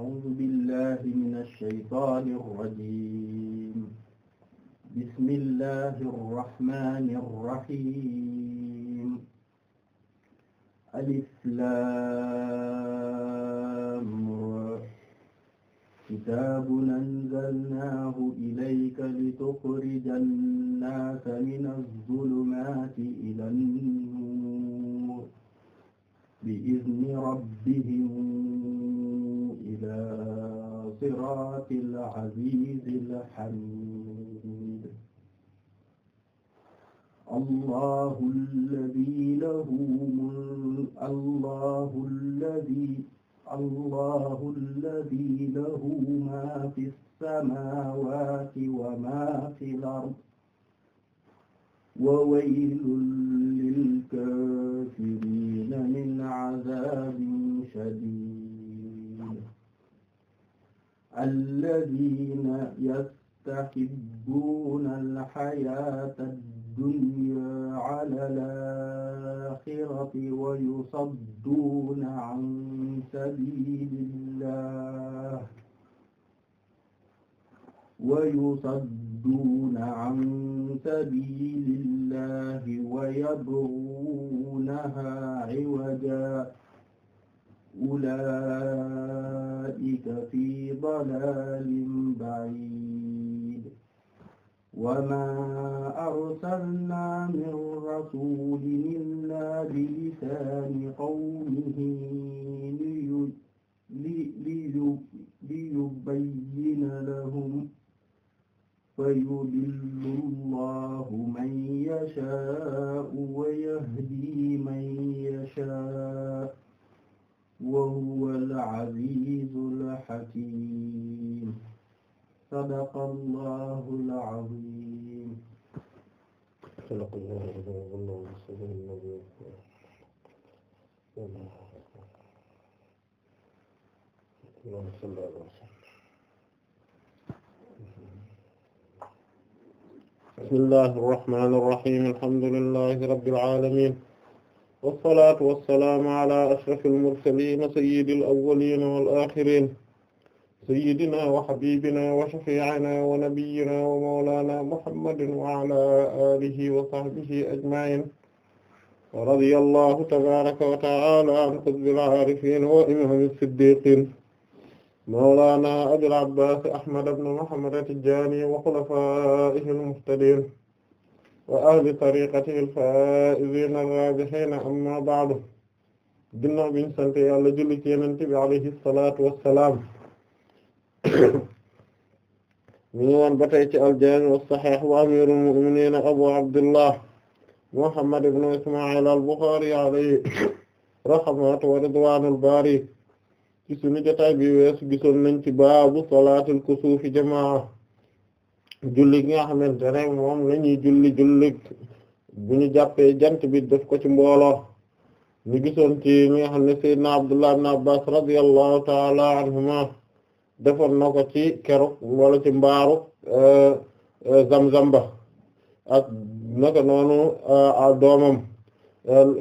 أعوذ بالله من الشيطان الرجيم بسم الله الرحمن الرحيم ألف لام كتاب أنزلناه إليك لتخرج الناس من الظلمات إلى النور بإذن ربهم ilaa siraatil aziizil hamiid Allahu llazii lahu mulku Allahu llazii Allahu llazii lahu maa fis samaawaati wa maa fil ard wa waylun lil kaafiriina min azaabin shadiid alladina yastahibbuna alxayata addunya ala alaxirati wa yusadduuna an sabilillah wa yusadduuna an sabilillahi wa yabghuunaha iwaja ulaa'ika fi dalaalin ba'iid wa maa arsalnaa min rasuulin illaa bilisaani qawmihi liyubayyina lahum fayudillu llaahu man yashaa'u wa yahdii man yashaa'u wa huwal aziizul hakiim sadaqallaahul aziim bismillaahi rahmaani rahiim alhamdulillaahi rabbil aalamiin wasalaatu wasalaamu ala ashrafil mursaliina sayyidil awwaliina wal aaxiriina sayyidinaa wa habiibinaa wa shafii'inaa wa nabiyyinaa wa mawlaanaa muhammadin wa alaa aalihi wa sahbihi ajma'iin wa radiyallaahu tabaaraka wa ta'aalaa an qutbil aarifiin wa imaamil siddiiqiin mawlaanaa abil abbaas ahmad ibn muhammad at-tijaani wa xulafaa'ihil muhtadiin wa ahli tariqatihi al-faa'iziina ar-raabihiina amma ba'du ginnaaw biñ sant yàlla julli ci Yonent bi alayhi salaatu wa salaam ñu ngi woon ba tey ci al-jaami' as-sahiih wa amiirul mu'miniina abu abdillah muhammad ibn isma'il al-Bukhari alayhi rahmatu wa ridwaanul baari ci sunu jotaay bi weesu gisoon nañ ci baabu salaatul kusuufi jamaa julli gi nga xamante ne moom la ñuy julli julli bu ñu jàppee jant bi def ko ci mbooloo ñu gisoon ci mi nga xam ne Seydina Abdullah ibn Abbas radiyallahu taala anhuma defoon na ko ci keroog wala ci mbaaru euh, euh, zamzamba ak naka noonu euh, doomam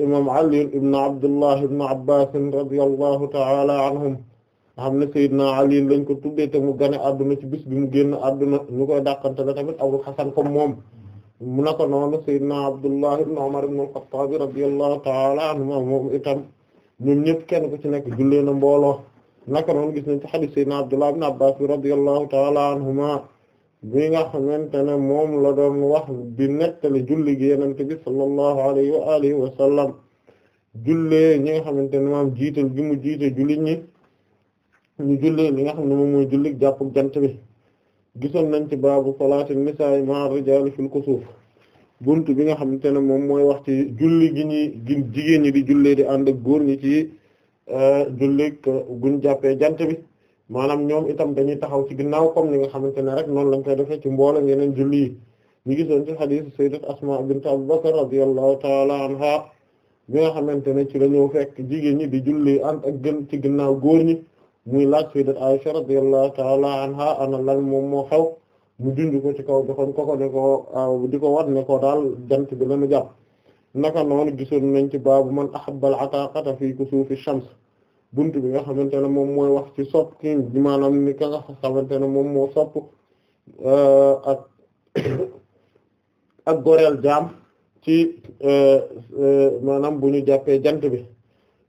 imam Ali ibn Abdullah ibn Abbas radiyallahu taala anhum xam ne Seydina Ali lañ ko tuddee te mu gane adduna ci bis bi mu génn adduna ñu koy dàqante la tamit Abul Hasan comme moom mu naka noonu Seydina Abdullah ibn Umar ibn al-Khattab radiyallahu ta'ala anhuma moom itam ñoom ñëpp kenn ku ci nekk jullee na mbooloo naka noonu gis nañ ci hadith Seydina Abdullah ibn Abbas radiyallahu ta'ala anhuma bi nga xamante ne moom la doon wax bi nettali julli gi yenente bi sallallahu alayhi wa alihi wa sallam jullee ñi nga xamante ne maam jiital gi mu jiite jullit ñi ñu jullee li nga xam ne moom mooy julli jàpp jant bi gisoon nañ ci baabu salaati nisaa'i ma'a rijaali fil kusuuf bunt bi nga xamante ne moom mooy wax ci julli gi ñuy jigéen ñi di jullee di ànd góor ñi ci euh, julli guñ jàppee jant bi maanaam ñoom itam dañuy taxaw ci ginnaaw kom ni nga xamante ne rek noonu lañ koy defee ci mboola yeneen julli yi gisoon ci xadiisu sayyidat Asmaa bint Abu Bakr radiyallahu ta'ala anha mi nga xamante ne ci la ñëw fekk jigéen ñi di julli ànd ak gën ci ginnaaw góor muy laaj sayyidat Aisha radiyallahu ta'ala anha ana lan moom moo xew mu junj ko ci kaw joxoon ko ko ne ah, di ko wat ne daal jant bi lañu jàpp naka noonu gisoon nañ ci baabu man ahabba al-ataqata fi kusufi shams bunt bi nga xamante ne moom mooy wax ci sopp ki maanaam ni ka nga xamante ne moom moo sopp ah, ak goreel jaam ci ah, maanaam bu ñu jàppee jant bi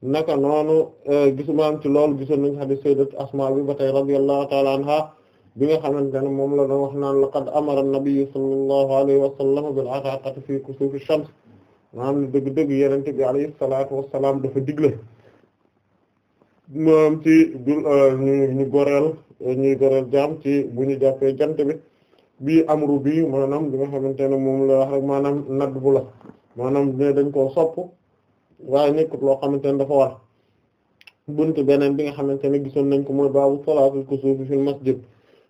naka noonu eh, gisu maanaam ci lool gisoon nañ hadith sayyidat asma bi ba tey radiyallahu ta'ala anha bi nga xamante ne moom la doon wax naan laqad amara an-nabiy sallallahu alayhi wa sallam bil ataqati fi kusufi shams maanaam ne dëgg-dëgg yenente bi alayhi salatu wassalam dafa digle moom ci eh, ñu ñu goreel goreel jaam ci bu ñu jàppee jant bi bii amru bi maanaam bi nga xamante ne moom la wax rek maanaam nadd bula la maanaam ne dañ koo sopp waaye nekkut loo xamante ne dafa war buntu beneen bi nga xamante ne gisoon nañ ko mooy baabu salaatul kusuufi fil masjid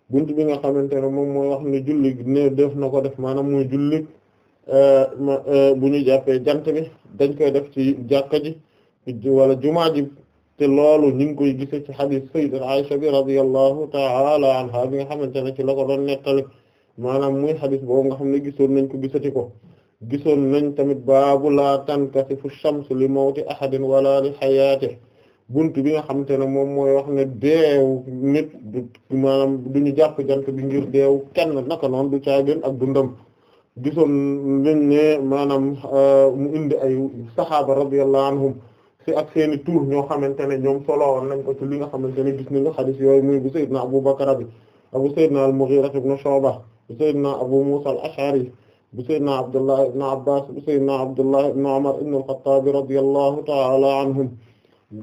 buntu bi nga xamante ne moom mooy wax ne julli ne def na ko def maanaam mooy julli euh, euh, bu ñu jàppee jant bi dañ koy def ci jàkka ji wala jumaa ji te loolu ñu ngi koy gise ci xadiis sayyidat Aisha bi radiyallahu ta'ala anha bi nga xamante ne ci la ko doon nettali maanaam muy xadiis boobu nga xam ne gisoon nañ ko gisati ko gisoon nañ tamit baabu laa tankasifu shamsu li mawti ahadin wala li hayaatihi bunt bi nga xamante ne moom mooy wax ne deewu nit maanaam du ñu jàpp jant bi ngir deewu kenn naka noonu du caagin ak dundam gisoon nañ ne maanaam euh, mu indi ay saxaaba radiyallahu anhum si ak seeni tuur ñoo xamante ne ñoom solowoon nañ ko ci li nga xamante ne gis nañ ko xadis yooyu muy bu Seydina Abu Bakr bi Abu Seydina al-Mughira ibn Shu'ba bu Seydina Abu Musa al bu sayyidina Abdullah ibn Abbas bu sayyidina Abdullah ibn Umar ibn al-Khattab radiyallahu ta'ala anhum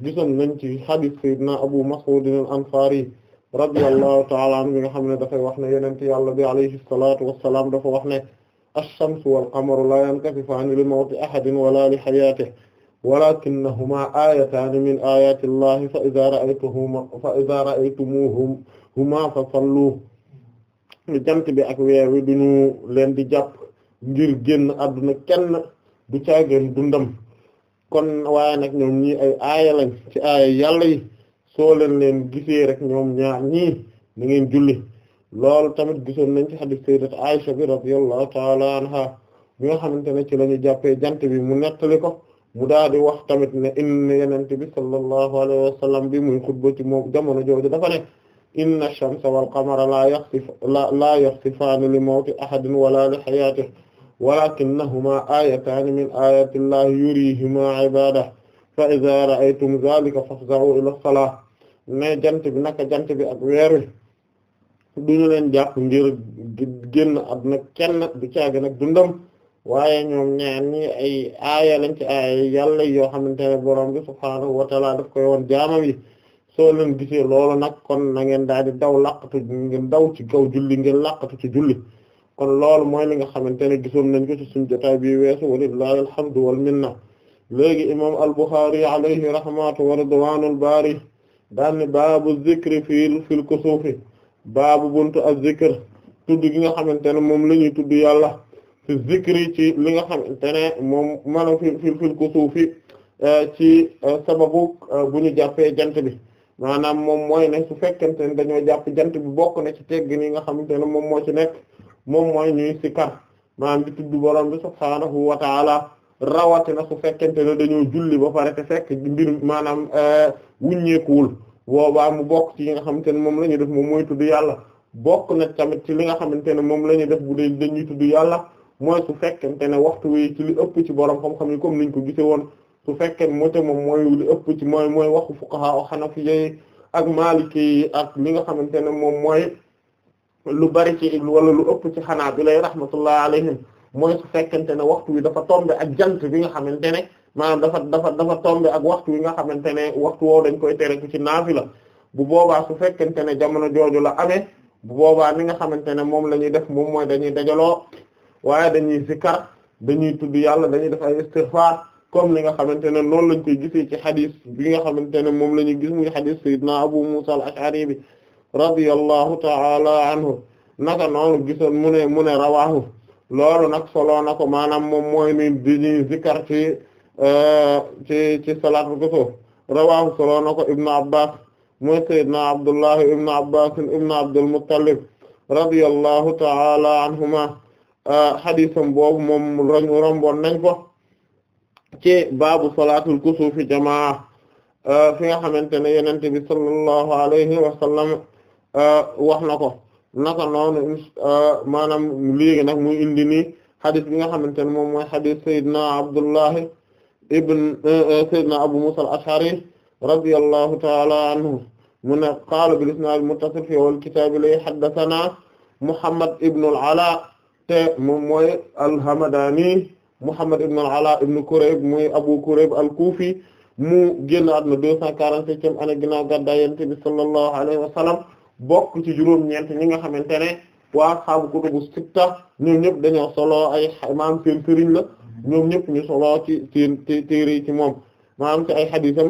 gisoon nañ ci hadith sayyidina Abu Mas'ud al-Ansari radiyallahu ta'ala anhu mi nga xam ne dafay wax ne yonent yàlla bi alayhi salatu wassalam dafa wax ne ash-shamsu wal qamaru la yankatifani li mawti ahadin wala li hayatihi walakinnahuma ayatani min ayati llahi fa idha ra'aytuhuma fa idha ra'aytumuhuma fa sallu jant bi ak weer wi duñu leen di jàpp ngir génn àdduna kenn du caageen dundam kon waaye nag ñoom ñi ay aaya lañ ci aaya yàlla yi soo leen leen gisee rek ñoom ñaar ñii da ngeen julli loolu tamit gisoon nañ ci hadith sayyidat Aisha bi radiyallahu ta'ala anha bi nga xamante ne ci la ñu jàppee jant bi mu nettali ko mu daal di wax tamit ne inna yenente bi sallallahu alayhi wa sallam bi muy xutba ci jamono jooju dafa ne inna ash-shamsa wal qamara la yaxsif la la li mawti ahadin wala li hayaatihi walakinnahuma ayataani min ayati llahi yurihima ibadah fa iza ra'aytum zalika fafza'u ila salah ne jant bi naka jant bi ak weer wi duñu leen jàpp ngir génn àdduna kenn du caagi nag dundam waaye ñoom ñaar ñi ay aaya lañ ci aaya yàlla yoo xamante ne borom bi subhaanahu wa ta'ala daf koy woon jaamam yi soo leen gisee loolu nag kon na ngeen daal di daw laqatu ngeen daw ci kaw julli ngeen laqatu ci julli kon loolu mooy li nga xamante ne gisoon nañ ko ci suñu jotaay bi weesu walillahi alhamdu wal minna léegi imam al-Bukhari alayhi rahmatu wa baari bari daanne baabu zikri fil fil kusufi baabu buntu az-zikr tudd gi nga xamante ne moom la ñuy tudd yàlla fi zikri ci li nga xamante ne moom maanaam fil fil fil kusufi eh, ci eh, sababu eh, bu ñu jàppee jant bi maanaam moom mooy ne su fekkente ne dañoo jàpp jant bi bokk na ci teggi ni nga xamante ne moom moo ci nekk moom mooy ñuy sikkar maanaam di tudd borom bi subhaanahu wa taala rawatina su fekkente ne dañoo julli ba pare te fekk mbir maanaam euh, wuññeekuwul boobaa mu bokk ci yi xamante ne moom la ñuy def moom mooy tudd yàlla bokk na tamit ci li nga xamante ne moom la ñuy def bu dee dañuy tudd yàlla mooy su fekkente ne waxtu wi ci li ëpp ci borom xam-xam yi comme niñ ko gisee woon su mooy moté moom mooy li ëpp ci mooy mooy waxu fuqaha xanafi yi ak maliki ki ak li nga xamante ne moom mooy. lu bari ci wala lu ëpp ci xanaa bi lay rahmatullah alayhim mooy su fekkente ne waxtu wi dafa tombe ak jant bi nga xamante ne maanaam dafa dafa dafa tombe ak waxtu wi nga xamante ne waxtu woo dañ koy tere ku ci naafila bu boobaa su fekkente ne jamono jooju la amee bu boobaa ni nga xamante ne moom la ñuy def moom mooy dañuy dajaloo waaye dañuy zikkar dañuy tudd yàlla dañuy def ay istighfar comme li nga xamante ne noonu lañ koy gisee ci xadis bi nga xamante ne moom la ñuy gis muy xadis sayyidina Abu Musa al-Ash'ari radiyallahu ta'ala anhu naka noonu gisoon mu ne mu ne rawahu loolu nag solo na ko maanaam moom mooy ni diñuy zikkar ci euh, ci ci salaatul kusuuf rawahu solo na ko ibnu abbas mooy sayyidna abdullahi ibnu abbas ibnu abdul muttalib radiyallahu ta'ala anhuma xadisam euh, boobu moom roñ romboon nañ ko ci baabu salaatul kusuufi jamaa euh, fi nga xamante ne yenente bi sallallahu alayhi wa sallam Euh, wax na ko naka noonu euh, maanaam léegi nag muy indi nii xadis bi nga xamante ne moom mooy xadis Seydina Abdullahi ibn euh, Seydina Abu Musa al-Ash'ari radiyallahu ta'ala anhu mu ne qaala bil isnaad muttasil fi awwal kitaab li haddathana Muhammad ibn al-Ala te moom mooy al-Hamadani Muhammad muy Abu Kurayb al-Kufi mu génn àdduna 247 sallallahu alayhi wa bokk ci juróom-ñeent ñi nga xamante ne waa xaabu kutubu sitta ñoom ñëpp dañoo solo ay maam seen sëriñ la ñoom ñëpp ñu solo ci seen téere ci moom maam ci ay xadiisam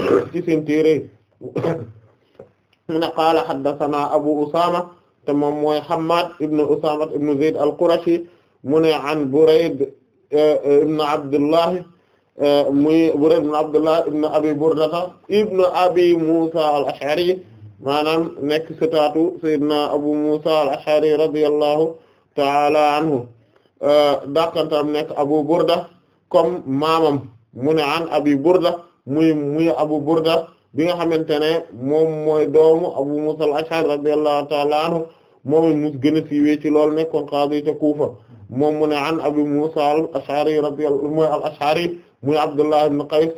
ci seen téere mu ne qaala haddathana abu usama te moom mooy hammad ibnu usama ibnu zayd al-qurashi mu ne an burayd e, e, ibnu abdullahi e, muy burayd ibnu abdullahi ibnu abi burdata ibnu abi musa al-ash'ari maanaam nekk sëtaatu Seydina Abu Musa al-Ash'ari radiyallahu ta'ala anhu euh, dàqantam nekk Abu Burda comme maamam mu ne an Abi Burda muy muy Abu Burda bi nga xamante ne moom mooy doomu Abu Musa al-Ash'ari radiyallahu ta'ala anhu moom mu gën a siiwee ci loolu nekkoon qaadi ca Kuufa moom mu ne an Abu Musa al-Ash'ari muy Abdullah ibn Qays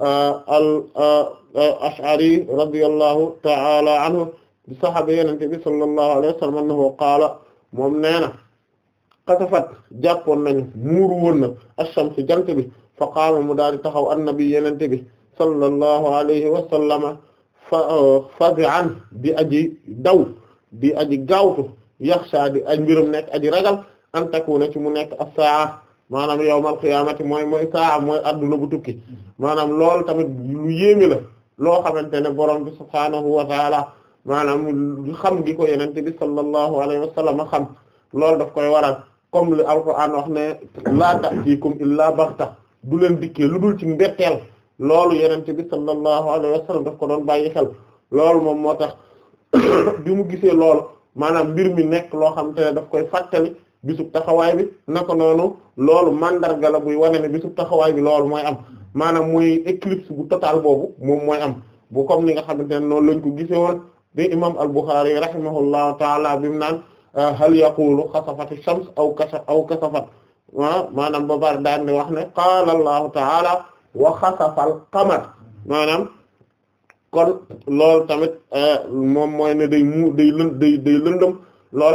euh, al euh, ash'ari radiyallahu ta'ala anhu di sahaaba yenente bi sallallahu alayhi wa sallam annahu qaala moom nee na xatafat jàppoon nañu muuru woon na ash-shams jant bi fa qaama mu daal di taxaw annabi yenente bi sallallahu alayhi wa sallama fa fazi'an di aji daw di aji gaawtu yaxsha di aji mbirum nekk aji ragal an takuna ci mu nekk as-sa'a maanaam yawmal qiyaamati mooy mooy saa mooy adduna bu tukki maanaam loolu tamit lu yéeme la loo xamante ne borom bi subhaanahu wa taala maanaam xam gi ko yenente bi sallallahu alayhi wa sallam xam loolu daf koy waral comme li alquran wax ne laa ta'tikum illaa baxta du leen dikkee lu dul ci mbeteel loolu yenente bi sallallahu alayhi wa sallam daf ko doon bàyyi xel loolu moom moo tax bi mu gisee loolu maanaam mbir mi nekk loo xamante ne daf koy fàttali bisub taxawaay bi naka noonu loolu mandarga la buy wane ne bisub taxawaay bi loolu mooy am maanaam muy éclipse bu total boobu moom mooy am bu comme ni nga xamante ne noonu lañ ko gisee woon bi imam al-Bukhari rahimahullahu taala bi mu hal yaqulu xasafati shams aw kasafat ah maanaam ba daan di wax ne qaala allahu taala wa xasafal qamar maanaam kon loolu tamit eh, moom mooy ne day mu day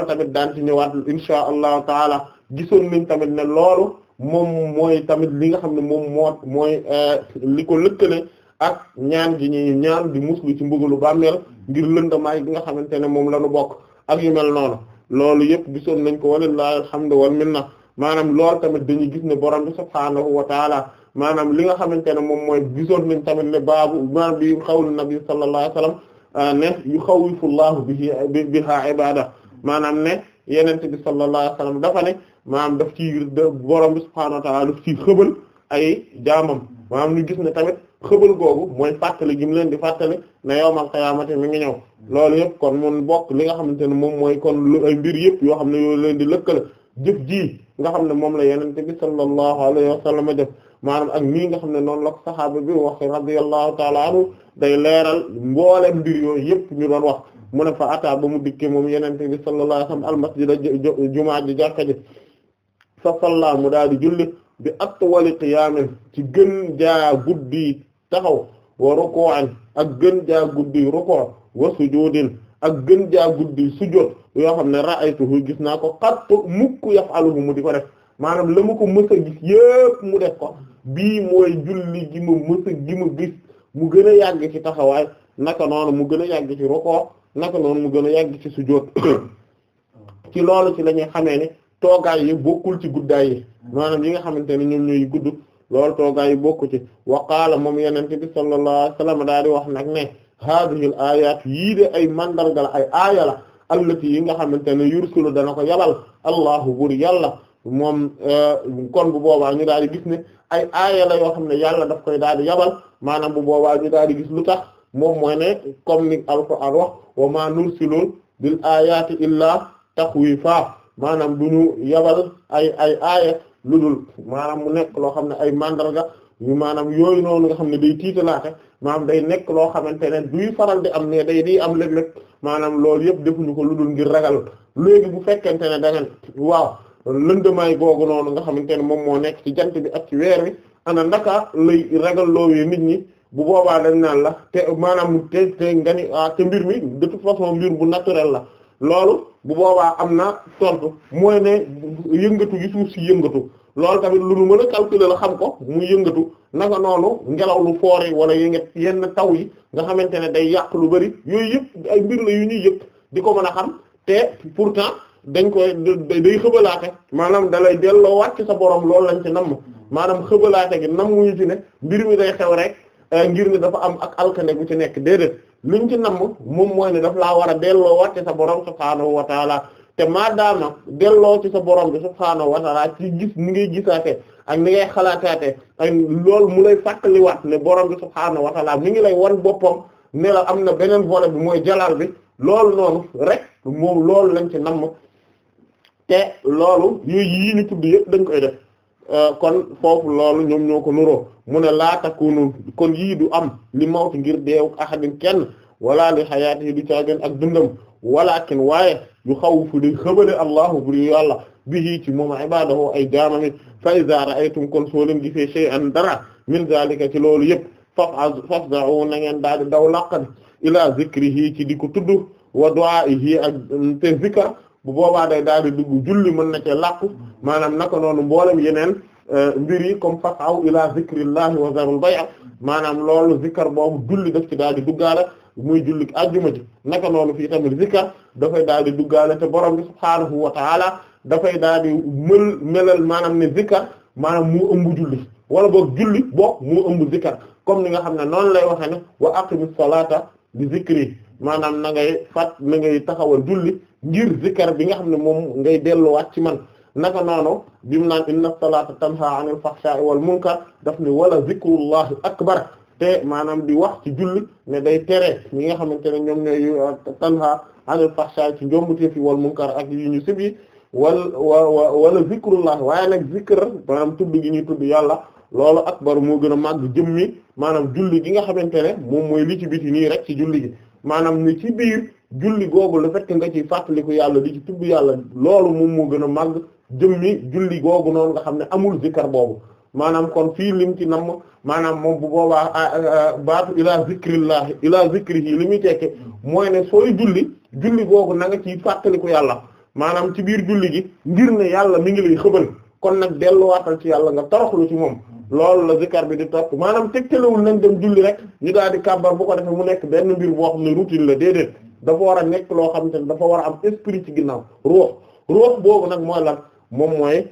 tamit daan ci ñëwaat insha allahu taala gisoon nañ tamit ne loolu moom mooy tamit li nga xam ne moom moo mooy euh, li ko lëkkale ak ñaan gi ñuy ñaan di muslu ci mbugalu bàmmeel ngir lëndamaay gi nga xamante ne moom la ñu bokk ak yu mel noonu loolu yëpp gisoon nañ ko walillahi alhamdu wal minna maanaam lool tamit dañuy gis ne borom bi subhaanahu wa taala maanaam li nga xamante ne moom mooy bisoon nañ tamit ne baabu ma bi xawlu nabi sallallahu alayhi wa sallam euh, ne yu xawwifu llahu bihi biha ibada maanaam ne yenente bi sallallahu alayhi wa dafa maanaam daf ci borom bi subhaanahu wa ta'aala daf ci xëbal ay jaamam maanaam ñu gis ne tamit xëbal googu mooy fàttali gi mu leen di fàttali ne yawmal qiyaamati mi ngi ñëw loolu yëpp kon mun bokk li nga xamante ne moom mooy kon lu mbir yëpp yoo xam ne yoo leen di lëkkale jëf ji nga xam ne moom la yenente bi sallallahu alayhi wa sallam def maanaam ak nii nga xam ne noonu la ko saxaaba bi wax radiyallahu ta'ala anhu day leeral mbooleem mbir yooyu yëpp ñu doon wax mu ne fa ataa ba mu dikke moom yenente bi sallallahu alayhi wa sallam al masjid jumaa ji jàkka fa salla mu daal di julli bi atwali qiyaamin ci gën jaa guddi taxaw wa ruku'an ak gën jaa guddi ruku' wa sujuudin ak gën jaa guddi sujood yoo xam ne ra'aytuhu gis naa ko qattu mukk yaf'aluhu mu di ko def maanaam la ma ko mës a gis yépp mu def ko bii mooy julli gi ma mës a gi gis mu gën a yàgg ci taxawaay naka noonu mu gën a yàgg ci ruku' naka noonu mu gën a yàgg ci sujood ci loolu ci la ñuy xamee toogaay yi bokkul ci guddaay yi nga xamante ne ñoom ñooy gudd loolu toogaay yi bokku ci wa qaala moom yenente bi sallallahu alayhi wa sallam daal di wax nag ne haadihi l yii de ay mandargal ay aaya la allati yi nga xamante ne yursulu dana ko yalal allahu bur yàlla moom euh, kon bu boobaa ñu daal di gis ne ay aaya la yoo xam ne yàlla daf koy daal di yabal maanaam bu boobaa ñu daal di gis lu tax moom mooy ne comme ni alquran wax wa ma nursilu bil ayati illaa taxwiifa maanaam bu ñu yabal ay ay aaya lu dul maanaam mu nekk loo xam ne ay mandarga yu maanaam yooyu noonu nga xam ne day tiitalaate maanaam day nekk loo xamante ne duy faral di am ne day di am léeg-léeg maanaam loolu yëpp defuñu ko lu dul ngir ragal léegi bu fekkente ne da ngeen waaw lëndamaay googu noonu nga xamante ne moom moo nekk ci jant bi ak ci weer wi ana naka lay ragal loowee nit ñi bu boobaa dañ naan la te maanaam te nga ni ah te mbir mi de toute façon mbir bu naturel la loolu bu boobaa am na tontu mooy ne yëngatu gi suuf si yëngatu loolu tamit lu nu mën a calculer la xam ko muy yëngatu naka noonu ngelaw lu foore wala yëngat yenn taw yi nga xamante ne day yàq lu bari yooyu yëpp ay mbir la yu ñuy yëg di ko mën a xam te pourtant dañ koy day xëbalaate maanaam dalay delloo wàcc sa borom loolu lañ ci namm maanaam xëbalaate gi nam muñu ci ne mbir mi day xew rek euh, ngir ni dafa am ak alkande gu ci nekk déedéet liñ ci namm moom mooy ne daf laa war a delloowaat ci sa borom subhaanahu wa te te maadaama delloo ci sa borom bi subhaanahu wa taala ci gis ni ngay gisaate ak ni ngay xalaataate ak loolu mu lay fàttaliwaat ne borom bi subhaanahu wa taala mi ngi lay wan boppam ne am na beneen volet bi mooy jalaal bi loolu noonu rek moom loolu lañ ci namm te loolu yooyu yii ni tudd yëpp dañ koy def Euh, kon foofu loolu ñoom ñoo ko nuroo mu ne laa takunu kon yii du am li mawti ngir deew ahadin kenn walaa li xayaati yi du ak dundam walakin waaye yu xaw fu di xëbale allahu buri yàlla bihi ci moom ibadahu ay jaamami fa iza ra'aytum kon soo leen gisee shay'an dara min zalika ci loolu yëpp faf fafza'u na ngeen daal di daw laqan ila zikrihi ci di ko tudd wa du'a'ihi ak te zikr bu boobaa day daal di dugg julli mën na cee làqu maanaam naka noonu mboolem yeneen euh, mbir yi comme fasaw ila zikrillahi wa zarul bay' maanaam loolu zikkar boobu julli daf ci daal di duggaale muy julli ajjuma ji naka noonu fii tamit zikkar dafay daal di duggaale te borom bi subhaanahu wa ta'ala dafay daal di mël melal maanaam ne zikkar maanaam mu ëmb julli wala boog julli boog mu ëmb zikkar comme ni nga xam ne noonu lay waxee ne wa aqimis salata bi zikri maanaam na ngay fat na ngay taxawal julli ngir zikar bi nga xam ne moom ngay delluwaat ci man naka noonu bi mu naan inna salata tanha anil fahsha'i wal munkar daf ni wala zikrullahi akbar te maanaam di wax ci julli ne day tere ñi nga xamante ne ñoom ñooy uh, tanha anil fahsha'i ci njombuteef yi wal munkar ak yu ñu sib yi wal wa wala zikrullah waaye nag zikr maanaam tudd gi ñuy tudd yàlla loolu akbar moo gën a màgg jëmmi maanaam julli gi nga xamante ne moom mooy li ci biti nii rek ci julli gi maanaam ne ci biir julli googu le fait nga ci fàttaliku yàlla di ci yàlla loolu moom moo gën a màgg jëmmi julli googu noonu nga xam ne amul zikkar boobu maanaam kon fii lim ci namm maanaam moom bu boobaa baatu ilaa zikrillah ilaa zikrihi li muy tekke mooy ne sooy julli julli googu na nga ci fàttaliku yàlla maanaam ci biir julli gi ngir ne yàlla mi ngi lay xëbal kon nag delluwaatal ci yàlla nga toroxlu ci moom loolu la zikar bi di topp maanaam teg tegtalawul nañ dem julli rek ñi daal di kàbbar bu ko defee mu nekk benn mbir boo xam ne routine la déedéet dafa war a nekk loo xam te ne dafa war a am esprit ci ginnaaw ruux ruux boobu nag mooy lan moom mooy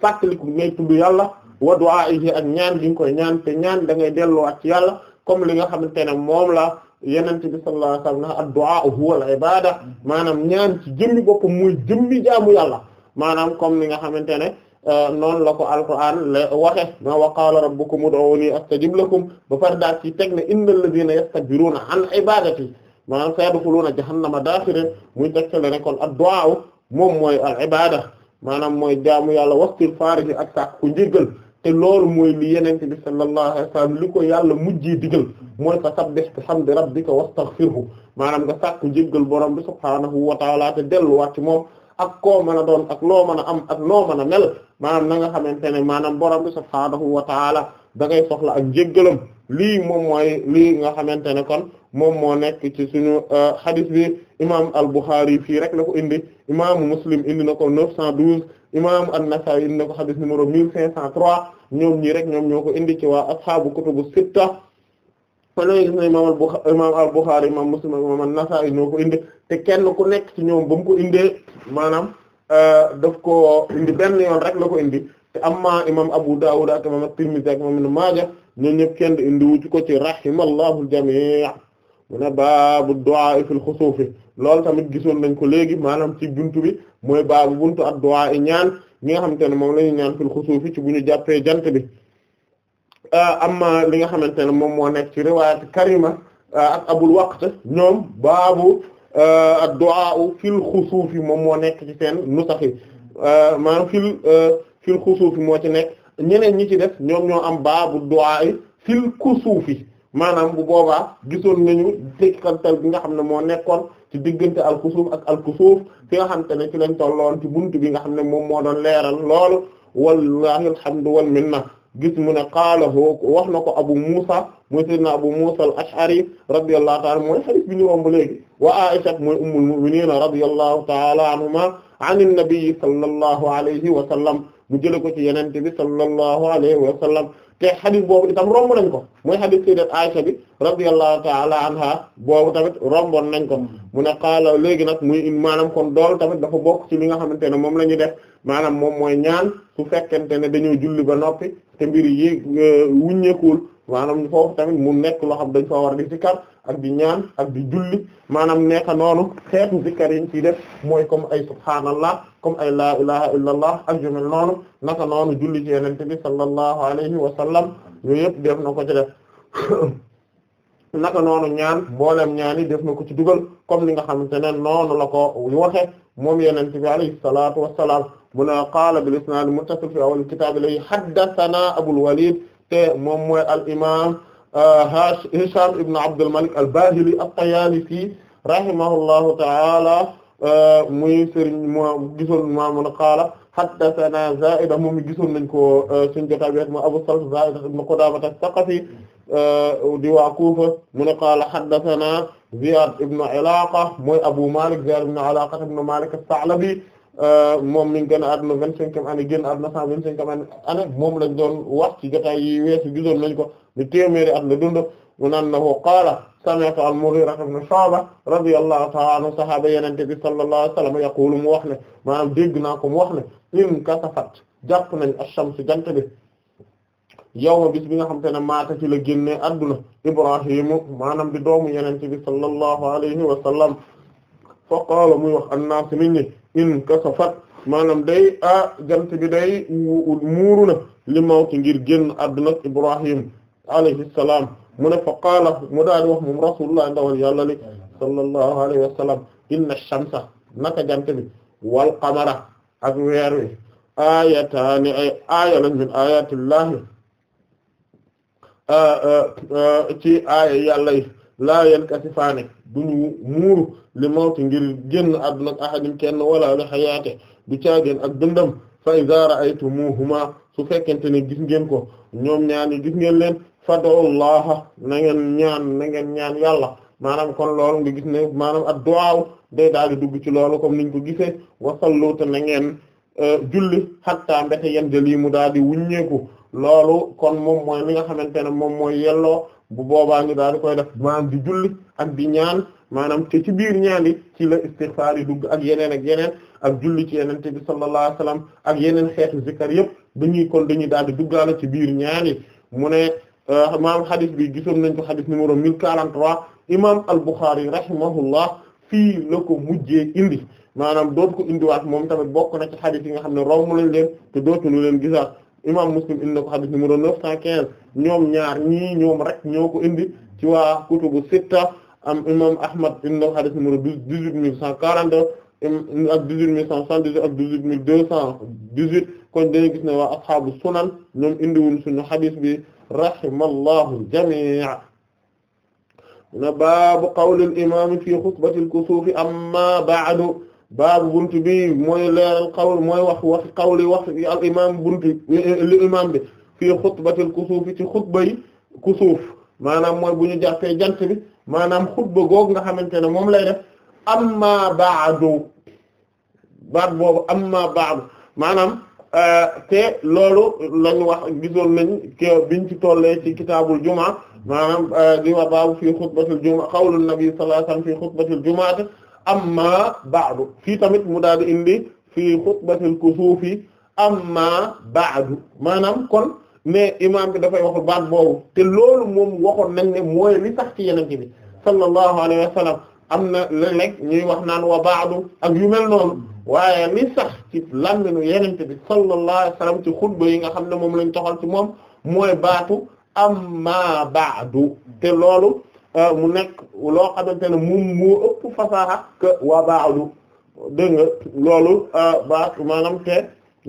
fàttaliku ngay tudd yàlla wa du'aa'ihi ak ñaan gi koy ñaan ñaan da ngay delloo ci yàlla comme li nga xamante ne moom la yenente bi sallallahu alayhi wasallam ad-du'a huwa al maanaam ñaan ci jëmmi boppam muy jëmmi jaamu yàlla maanaam comme li nga xamante ne Euh, noonu la ko alquran la waxe ma wa qaala rabbukum ud'uuni astajib lakum ba pare daal ci teg ne innal ladina yastakbiruuna an ibadati maanaam sayadxuluuna jahannama daaxirin muy tegtale ne kon ad-du'a moom mooy al ibada maanaam mooy jaamu yàlla wastighfaar bi ak sàkku njéggal te loolu mooy li yenente bi sallallahu alayhi wa sallam li ko yàlla mujjee digal mooy fa sabbih bihamdi rabbika wastaghfirhu maanaam nga sàkku njéggal borom bi subhaanahu wa ta'aala te delluwaat ci moom ak koo mën a doon ak loo mën a am ak noo mën a mel maanaam na nga xamante ne maanaam borom bi subhaanahu wa taala da ngay soxla ak njéggalam lii moom mooy lii nga xamante ne kon moom moo nekk ci suñu hadith euh, bi imaam al-Bukhari fii rek la ko indi imaamu Muslim indi na ko 912 imaam an-Nasa'i indi na ko hadith numéro 1503 ñoom ñii rek ñoom ñoo ko indi ci waa ashaabu kutubu sitta fa la gis na imaam imaam al-Bukhari imaam Muslim imaam ko indi te kenn ku nekk ci ñoom ba mu ko indee maanaam euh, daf ko indi benn yoon rek na ko indi te amma imaam Abu Dawud ak imaam at-Tirmidhi ak imaam Ibn Maaja ñoo ñëpp kenn indi wu ci ko ci rahimallahu al-jamii' mu ne baabu du'a fil khusuf loolu tamit gisoon nañ ko léegi maanaam ci buntu bi mooy baabu buntu ad-du'a ñaan ñi nga xamante ne moom la ñu ñaan fil khusuf ci bu ñu jàppee bi. Euh, amma li nga xamante ne moom moo nekk ci riwaayat Karima euh, ak Abul Waqt ñoom baabu euh, ad-du'a fil xusuufi moom moo nekk ci seen nusaxi maanaam fil fil xusuufi moo ci nekk ñeneen ñi ci def ñoom ñoo am baabu du'a fil kusuufi maanaam bu boobaa gisoon nañu tekkantal bi nga xam ne moo nekkoon ci diggante al xusuuf ak al kusuuf fi nga xam te ne ci lañ tolloon ci buntu bi nga xam ne moom moo doon leeral loolu wallaahi alhamdu wal minna gis mu ne qaalahu wax na ko Abu Musa mooy sayyidina Abu Musa al-Ash'ari radiyallahu ta'ala mooy hadith bi ñu romb léegi wa Aisha mooy ummul mu'minin radiyallahu ta'ala anhuma anin nabi sallallahu alayhi wa sallam mu jële ko ci yenente bi sallallahu alayhi wa sallam te xadis boobu itam romb nañ ko mooy xadis sayyidat Aisha bi radiyallahu ta'ala anha boobu tamit romboon nañ ko mu ne qaala léegi nag muy maanaam kon dool tamit dafa bokk ci li nga xamante ne moom la ñuy def maanaam moom mooy ñaan su fekkente ne dañoo julli ba noppi te mbir yi euh, wuññeekul maanaam foofu tamit mu nekk loo xam dañ fa war di sikar ak di ñaan ak di julli maanaam nekka noonu xeetu zikkar yiñ ciy def mooy comme ay subhaanallah comme ay laa ilaha illa allah ak jumel noonu naka noonu julli ci yenente bi sallallahu alayhi wa sallam yooyu yëpp def na ko ci def naka noonu ñaan mboolem ñaani def na ko ci dugal comme li nga xamante ne noonu la ko waxe moom yenente bi alayhi salatu a mu bi qaala bil isnaad muttasil fi awal kitaab lay haddathana abul walid te moom mooy al imam Hisham ibn Abdul Malik al-Bahili at-Tayalisi rahimahullahu ta'ala uh, muy sëriñ mu gisoon maa mun a qaala haddathana Zaida moom mi gisoon nañ ko uh, suñu jotaay bi ak ma Abu Salih Zaida ibn Qudama as-Saqafi uh, di waa Kufa mu ne qaala haddathana Ziyad ibn Ilaqa mooy Abu Malik Ziyad ibn Ilaqa ibn Malik as-Sa'labi Euh, moom mi ngi gën a àdduna vingt-cinquième année génn àdduna cent vingt-cinquième moom lañ doon wax ci jotaay yi weesu gisoon nañ ko ni téeméeri at la dund mu naan na ko qaala sami'tu al-Mughira ibn Shu'ba radiyallahu ta'ala anhu sahaaba yenente bi sallallahu alayhi wa sallam yaqulu mu wax ne maanaam dégg naa ko mu wax ne in kasafat jàpp nañ ash-shams jant bi yawma bis bi nga xam te ne maata ci la génne adduna Ibrahimu di doomu yenente bi sallallahu alayhi wa sallam fa qaala muy wax an ñi in kasafat maanaam day ah jant bi day muuru na li mawti ngir génn àdduna Ibrahim alayhi mu ne fa qaala mu daal di wax moom rasulullah ndawal yàlla li sallallahu alayhi wa inna shamsa naka jant bi wal qamara ak weer wi ayataani ay aaya min ayatillahi ci aaya yàlla yi laa duñu muuru li mawti ngir génn àdduna ak ahadin kenn wala li xayaate du caageen ak dundam fa su fekkente ne gis ngeen ko ñoom ñaani gis ngeen leen fad'ullaha na ngeen ñaan na ngeen ñaan yàlla maanaam kon loolu nga gis ne maanaam addu'a day daal di dugg ci loolu comme niñ ko gisee wasalluuta na ngeen euh, julli hatta mbete yen de lii mu daal di wuññeeku loolu kon moom mooy li nga xamante ne moom mooy yelloo bu boobaa ñu daal di koy def maanaam di julli ak di ñaan maanaam ci ci biir ñaani ci la istighfar dugg ak yeneen ak yeneen ak julli ci yeneen te bi sallallahu alayhi ak yeneen xeetu zikar yëpp dañuy kon dañuy daal di duggaale ci biir ñaan mu ne euh, maam xadis bi gisoon nañ ko xadis numéro 1043 imam al-Bukhari rahimahullah fii la ko mujjee indi maanaam dootu ko indiwaat moom tamit bokk na ci xadis yi nga xam ne romb lañ leen te dootuñu leen gisaat imam muslim indi na ko xadis numéro neuf cent quinze ñoom ñaar ñii ñoom rek ñoo ko indi ci waa kutubu sitta am imam ahmad indi na ko xadis numéro dix-huit mille cent quarante-deux ak dix-huit mille cent soixante-dix-huit ak dix-huit mille deux cent dix-huit kon dañu gis ne waa ashabu sunan ñoom indiwul suñu xadis bi rahimallahu jamii na baabu qawlil imam fi xutbatil kusuufi amma ba'du baabu buntu bi mooy leeral qawl mooy wax wax qawli wax al imaam buntu li imaam bi fii xutbatil kusuufi ci xutba yi kusuuf maanaam mooy bu ñu jàppee jant bi maanaam xutba goog nga xamante ne moom lay def amma ba'du baat boobu amma ba'du maanaam euh, te loolu lañu wax gisoon nañ ke biñ ci tollee ci kitaabul jumaa maanaam euh, di wax baabu fii xutbatil jumaa qawlu nabi sallallahu alayhi wasallam fii xutbatil jumaa amma ba'du fii tamit mu daal indi fii xutbatil kusuufi amma ba'du maanaam kon ne imaam bi dafay waxul baat boobu te loolu moom waxoon nañ ne mooy li sax ci yeneen bi sallallahu alayhi wa sallam am na léeg-léeg ñuy wax naan wa ba'du ak yu mel waaye li sax ci làmminu bi sallallahu alayhi wa sallam ci yi nga xam ne moom lañ toxal ci moom mooy baatu amma ba'du loolu. Euh, mu nekk loo xamante ne moom moo ëpp fasaxa que waa baalu dégg nga loolu euh, baax maanaam te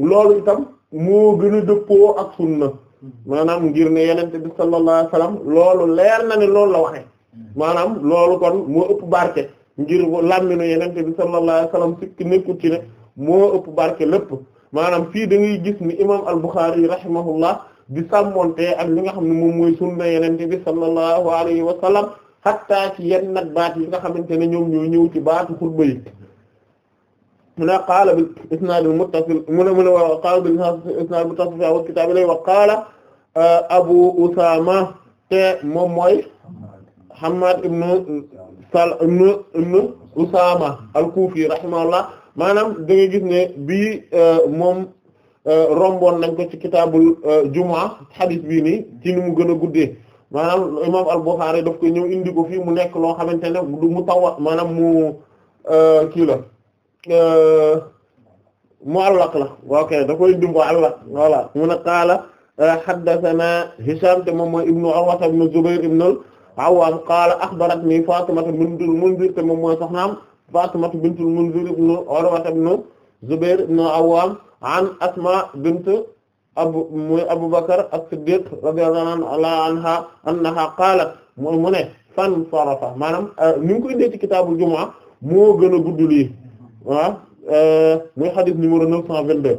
loolu itam moo gën a dëppoo ak sunna maanaam ngir ne yenente bi sallallahu alayhi loolu leer na ne loolu la waxe maanaam loolu kon moo ëpp barke ngir làmminu yenente bi sallallahu alayhi wasallam sikki nekkut ci ne moo ëpp barke lépp maanaam fii da ngay gis ni imam al-Bukhari rahimahullah di sàmmonte ak li nga xam ne moom mooy sunna yenente bi sallallahu alayhi wa sallam hatta ci baat yi nga xamante ne ñoom ñoo ñëw ci baatu xutba mu ne qaala bil isnaad al muttasil mu ne mu ne wa qaala bil isnaad al lay wa qaala uh, Abu Usaama te moom mooy Hammaad ibn Sal ibn Usaama al-Kuufi rahimahullah maanaam gis ne bii uh, moom Euh, romboon nañ ko ci kitaabul euh, jumaa xadis bii nii ci ni mu gën a guddee maanaam imaam al-Bukhari daf ko ñëw indi ko fii mu nekk loo xamante ne du mu tawa maanaam mu euh, kii la mu allaq la ok da koy indi mu allaq voilà mu ne qaala haddathana Hisham te moom mooy ibnu Urwa ibnu Zubayr ibnu al-Awwam qaala akhbaratni Fatima bintul Munzir te moom mooy soxnaam Fatima bintul Munzir ibnu Urwa ibnu Zubayr ibnu al an asma bint abu muy abu bakar as-siddiq radiyallahu anha annaha qaalat mu ne fan sarafa maanaam euh, ni ngi koy indee ci kitaabul jumaa moo gën a gudd lii ah muy xadis numéro neuf cent vingt-deux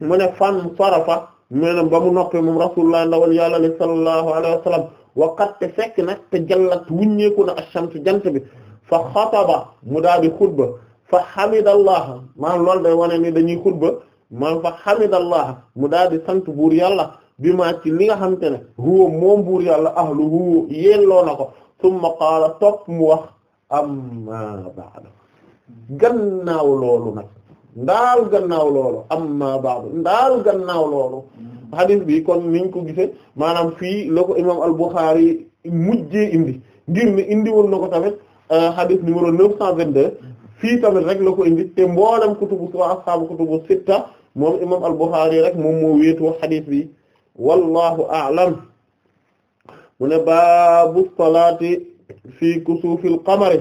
mu ne fan sarafa maanaam ba mu noppee moom rasulullah ndawal yàlla li sallallahu alayhi wa sallam waqat te fekk nag te jallat wuññeeku na ash-shams jant bi fa xataba mu daal di xutba fa xamidallaha maanaam loolu day wane ni dañuy xutba maanaam fa xamidallaha mu daal di sant buur yàlla bi ma ci li nga xamante ne huwa moom buur yàlla ahlu huwa yelloo na ko summa qaala topp mu wax amma ba'da gannaaw loolu nag ndaal gannaaw loolu amma ba'du ndaal gannaaw loolu hadith bi kon niñ ko gisee maanaam fii la ko imam al-Bukhari mujjee indi ngir ne indi woon na ko tamit euh, hadith numéro 922 fii tamit rek la ko indi te mboolem kutubu wa ashaabu sitta moom imam al-Bukhari rek moom moo wéetu xadis bi wallahu a'lam mu ne baabu salaati fii kusuufil qamari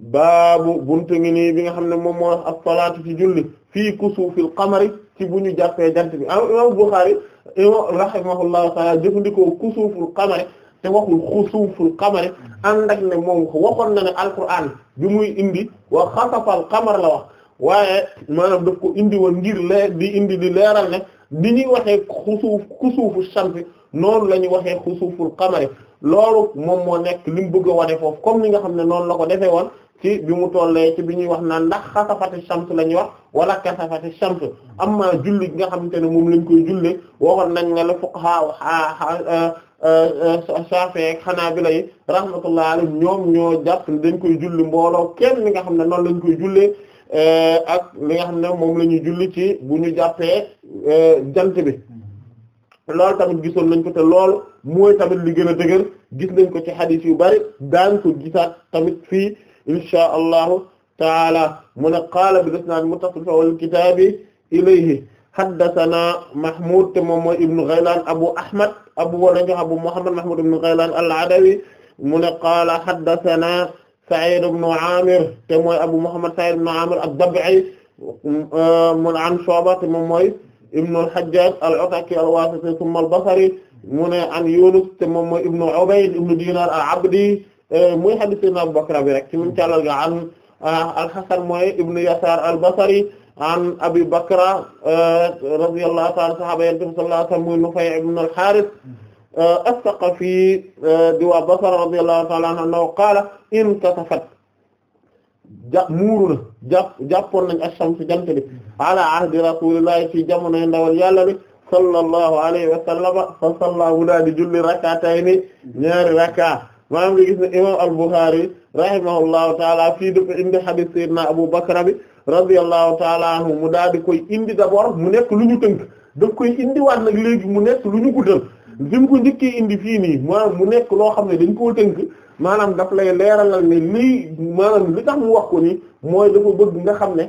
baabu buntu ngi nii bi nga xam ne moom moo as-salaatu ci julli fii kusuufil qamari ci bu ñu jàppee jant bi am imam Bukhari imam rahimahullahu ta'ala jëfandikoo kusuuful qamari te waxul xusuuful qamari ànd ak ne moom waxoon na ne alquran bi muy indi wa xasafal qamar la wax waaye maanaam daf ko indi woon ngir leer di indi di leeral ne di ñuy waxee xusuuf xusuufu shamsi noonu la ñuy waxee xusuuful qamari loolu moom moo nekk li mu bëgg a wane foofu comme ni nga xam ne noonu la ko defee woon ci bi mu tollee ci bi ñuy wax naan ndax xasafati shams la wax wala kasafati shams amma julli gi nga xamante ne moom lañ koy jullee waxoon nañ ne la fuqaha Euh, euh, Shafi'i xanaa Hanabila yi rahmatullahi alayhim ñoom ñoo jàpp ne dañ koy julli mbooloo kenn li nga xam ne noonu lañ koy jullee euh, ak li nga xam ne moom la ñuy julli ci bu ñu jàppee jant bi loolu tamit gisoon nañ ko te lool mooy tamit li a dëgër gis nañ ko ci xadiis yu bari daan ko gisaat tamit fii inshaa allahu taala mu ne qaala bi isnaad muttasil fa wal kitaabi ilayhi haddathana Mahmoud te moom mooy ibnu Ghaylan Abu Ahmad abu wala ñu Abu Muhammad Mahmoud ibnu Ghaylan al-Adawi mu ne qaala haddathana Sa'id ibnu Amir te mooy Abu Muhammad Sa'id ibnu Amir ad-Dabi'i mu ne an Shu'ba te moom mooy ibnu al-Hajjaj al-Ataki al-Wasiti thumma al-Basri mu ne an Yunus te moom mooy ibnu Ubayd ibnu Dinar al-Abdi muy hadith Abu Bakr bi rek ci min caalal ga an ah, al-Hasan mooy ibnu Yasar al-Basri an Abi Bakra radiyallahu ta'ala sahaba yonent bi sallallahu alayhi wa sallam muy Nufay ibn al-Harith as-Saqafi di waa Basra radiyallahu ta'ala anhu qaala inkasafat ja muuru na jàpp jàppoon nañ ash-shams jant bi ala ahdi rasulillahi fi jamonoy ndawal yàlla bi sallallahu alayhi wa sallam fa salla mu daal di julli rak'atayni ñaari rak'a maanaam nga gis ne imam al-Bukhari rahimahullahu taala fii dafa indi hadith sayyidina Abu Bakr bi radiyallahu taala anhu mu daal di koy indi d'abord mu nekk lu ñu tënk daf koy indiwaat nag léegi mu nekk lu ñu guddal bi mu ko njëkkee indi fii nii maanaam mu nekk loo xam ne dañ koo tënk maanam daf leeral al ne lii maanaam li tax mu wax ko ni mooy dafa bëgg nga xam ne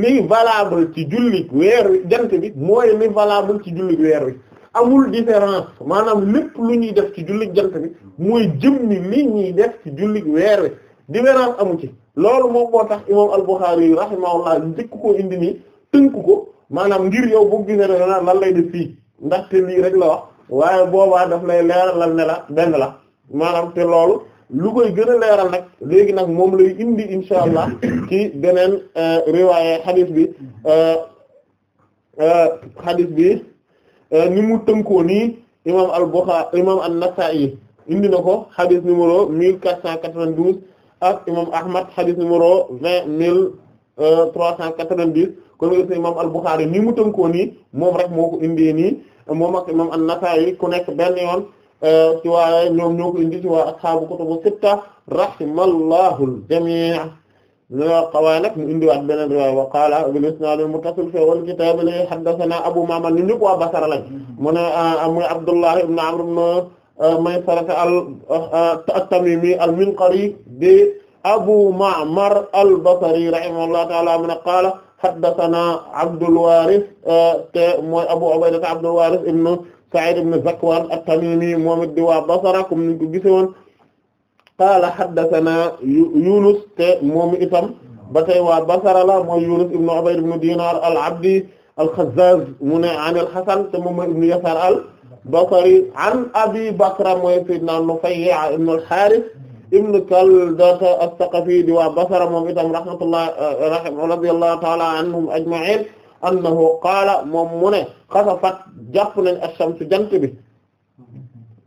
lii valable ci julli weer wi jant bi mooy li valable ci julli weer wi amul différence maanaam lépp lu ñuy def ci jullit jant bi mooy jëm ni li ñuy def ci jullit weer wi différence amu ci loolu moom moo tax imam al-Bukhari yi rahimahullah ko indi nii tënk ko maanaam ngir yow boo gisee ne lan lay def fii ndaxte lii rek la wax waaye boobaa daf lay leeralal ne la benn la maanaam te loolu lu koy gën a leeral nag léegi nag moom lay indi insha allah ci beneen euh, riwaaye xadis bi xadis euh, euh, bi Euh, ni mu tënkoo nii imam al-Bukhari imam an-Nasa'i indi na ko xadis numéro mille quatre cent quatre-vingt-douze ak imam Ahmad xadis numéro vingt mille euh, trois cent quatre-vingt-dix kon nga gis imam al-Bukhari ni mu tënkoo nii moom rek moo ko indee nii moom imam an-Nasa'i ku nekk benn yoon euh, ci waaye ñoom ñoo ko indi ci waa ashaabu sitta rahimallahu al-jami' waaye nag mu indiwaat beneen riwaaya wa qaala bil isnaad al muttasil fi awwal kitaab li haddasanaa Abu Ma'mar ni ñëpp waa Basra lañ mu ne ah, ah, muy Abdullah ibn Amr ibn ah, Maysara at-Tamimi al-Minqari de Abu Ma'mar al-Basri rahimahullahu ta'aala mu ne qaala haddasanaa Abdul Waaris te mooy Abu Ubayda Abdul Waaris ibn Sa'id ibn Zakwan at-Tamimi moom it di waa Basra comme ni ñu ko gisee woon qaala haddathana Yunus te moom itam ba tey waa Basra la mooy Yunus ibn Ubayd ibn Dinar al-Abdi al-Khazzaz mu ne an al-Hasan te moom mooy ibn Yasar al-Basri an Abi Bakra mooy sayyidina Nufay' ibn al-Harith ibn Kaldata as-Saqafi di waa Basra moom itam rahmatullahi radiyallahu ta'ala anhum ajma'in annahu qaala moom mu ne xasafat jàpp nañ ash-shamsu jant bi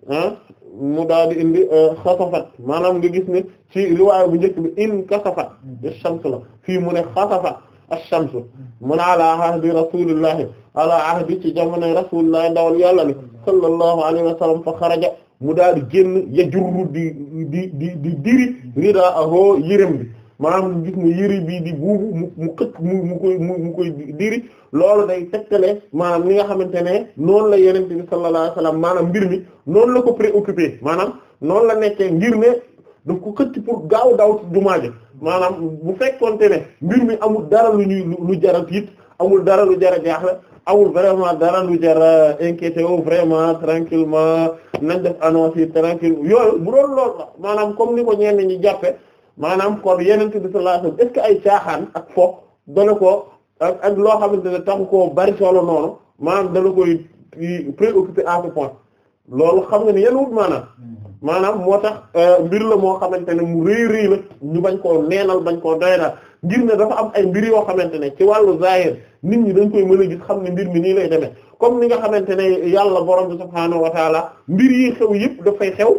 ah mu daal di indi euh, xasafat maanaam nga gis ne ci riwaaya bu njëkk bi in kasafat ash-shams la fii mu ne xasafat ash-shams mun ala ahdi rasulillahi ala ahdi ci jamonoy rasulillahi ndawal yàlla li sallallahu alayhi wa sallam fa xaraja mu daal di génn yajurru di di diri ridaa ahoo yërëm bi maanaam mu gis ne yëri bii di buubu mu mu mu mu koy mu mu koy diri loolu day tegtale maanaam li nga xamante ne noonu la yenente bi sallallahu alayhi wasallam maanaam mbir mi noonu la ko préoccupé maanaam noonu la nekkee ngir ne daf ko xëcc pour gaaw daaw ci jumaa maanaam bu fekkonte tene mbir mi amul dara lu ñuy lu jaral it amul dara lu jara jaaxle amul vraiment dara lu jara inquiété wu vraiment tranquillement nañ def annonce yi tranquille yooyu bu doon loolu la maanaam comme ni ko ñenn ñi jàppe maanaam kon yeneen bi sallallahu alayhi laa est ce que ay caaxaan ak foofu dana ko ak loo xamante ne taxu ko bari solo noonu maanaam dana koy préoccupé à point loolu xam nga ne yan wut maanaam maanaam moo tax euh, mbir la moo xamante ne mu rëy rëy la ñu bañ koo neenal bañ koo doyal ngir ne dafa am ay mbir yoo xamante ne ci wàllu zahir nit ñi dañ koy mën a gis xam ne mbir mi nii lay demee comme ni nga xamante ne yàlla borom bi subhaanahu wa taala mbir yi xew yëpp dafay xew.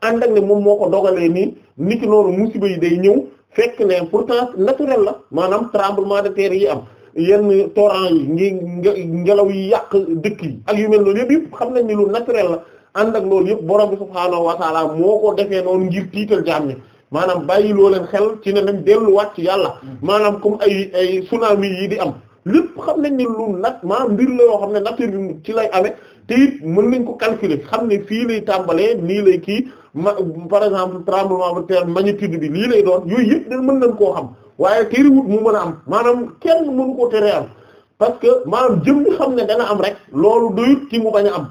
ànd ak ne moom moo ko dogalee nii niki noonu musiba yi day ñëw fekk ne pour pourtant naturel la maanaam tremblement de terre yi am yenn torrent yi ngi ngelaw yi yàq dëkk yi ak yu mel noonu yëpp yëpp xam nañ ni lu naturel la ànd ak loolu yëpp borom bi subhaanahu wa taala moo ko defee noonu ngir tiital jaam ñi maanaam bàyyi loo leen xel ci ne nañ delluwaat ci yàlla maanaam kom ay ay tsunami yi di am lépp xam nañ ni lu nat maanaam mbir la yoo xam ne nature bi ci lay amee te it mën nañ ko calculer xam ne fii lay tàmbalee nii lay kii ma par exemple tremblement de terre magnitude bi lii lay doon yooyu yëpp dañ mën nañ koo xam waaye téeriwut mu mën a am maanaam kenn mënu koo tere am parce que maanaam jëm xam ne dana am rek loolu doyut ci mu bañ a am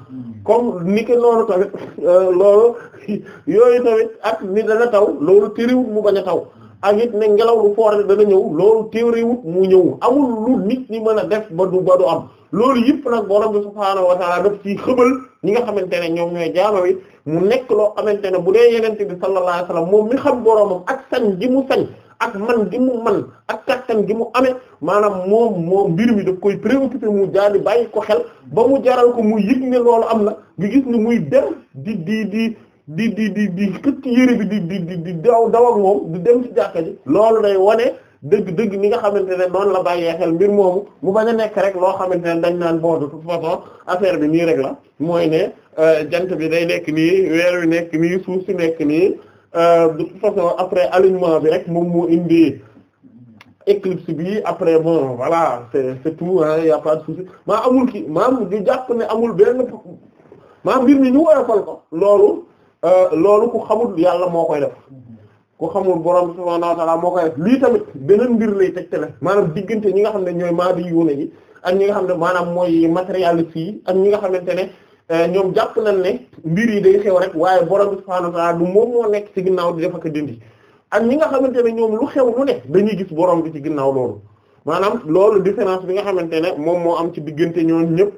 comme ni ko noonu tamit euh, loolu yooyu tamit ak ni dana taw loolu téeriwut mu bañ a taw ak it ne ngelaw lu foore dana ñëw loolu téeriwut mu ñëw amul lu nit ñi mën a def ba du ba du am loolu yëpp nag borom bi subhaanahu wa ta'ala daf ci xëbal ñi nga xamante ne ñoom ñooy jaama wi mu nekk loo xamante ne bu dee yenente bi sallallahu alayhi wasallam moom mi xam boroomam ak sañ gi mu sañ ak man gi mu man ak kattan gi mu amee maanaam moom moom mbir mi daf koy préoccupé mu jaar di bàyyi ko xel ba mu jaral ko mu yëg ne loolu am na nga gis ne muy dem di di di di di di di këtt bi di di di daw daw moom di dem ci jàkka ji loolu day wane dëgg dëgg ni nga xamante ne noonu la bàyyee xel mbir moomu mu bañ a nekk rek loo xamante ne dañ naan bon de toute façon affaire bi nii rek la mooy ne euh, jant bi day nekk nii weer wi nekk nii suuf si nekk nii euh, de toute façon après alignement bi rek moom moo indi éclipse bi après bon voilà c'est tout hein y a pas maa amul ki maam du jàpp ne amul benn maam mbir mi ñu woyofal ko loolu euh, loolu ku xamul yàlla moo koy def. ku xamul borom subhaanahu wa ta'aala moo koy def lii tamit beneen mbir lay la maanaam diggante ñi nga xam ne ñooy maadi yuuna yi ñi nga xam ne maanaam mooy matérialiste yi ak ñi nga xamante ne eh, ñoom jàpp nañ ne mbir yi day xew rek waaye borom subhaanahu wa ta'aala du moom nekk ci ginnaaw di def ak dindi ak ñi nga xamante ne ñoom lu xew lu ne dañuy gis borom bi ci ginnaaw loolu maanaam loolu différence bi nga xamante ne moom moo am ci diggante ñoom ñëpp.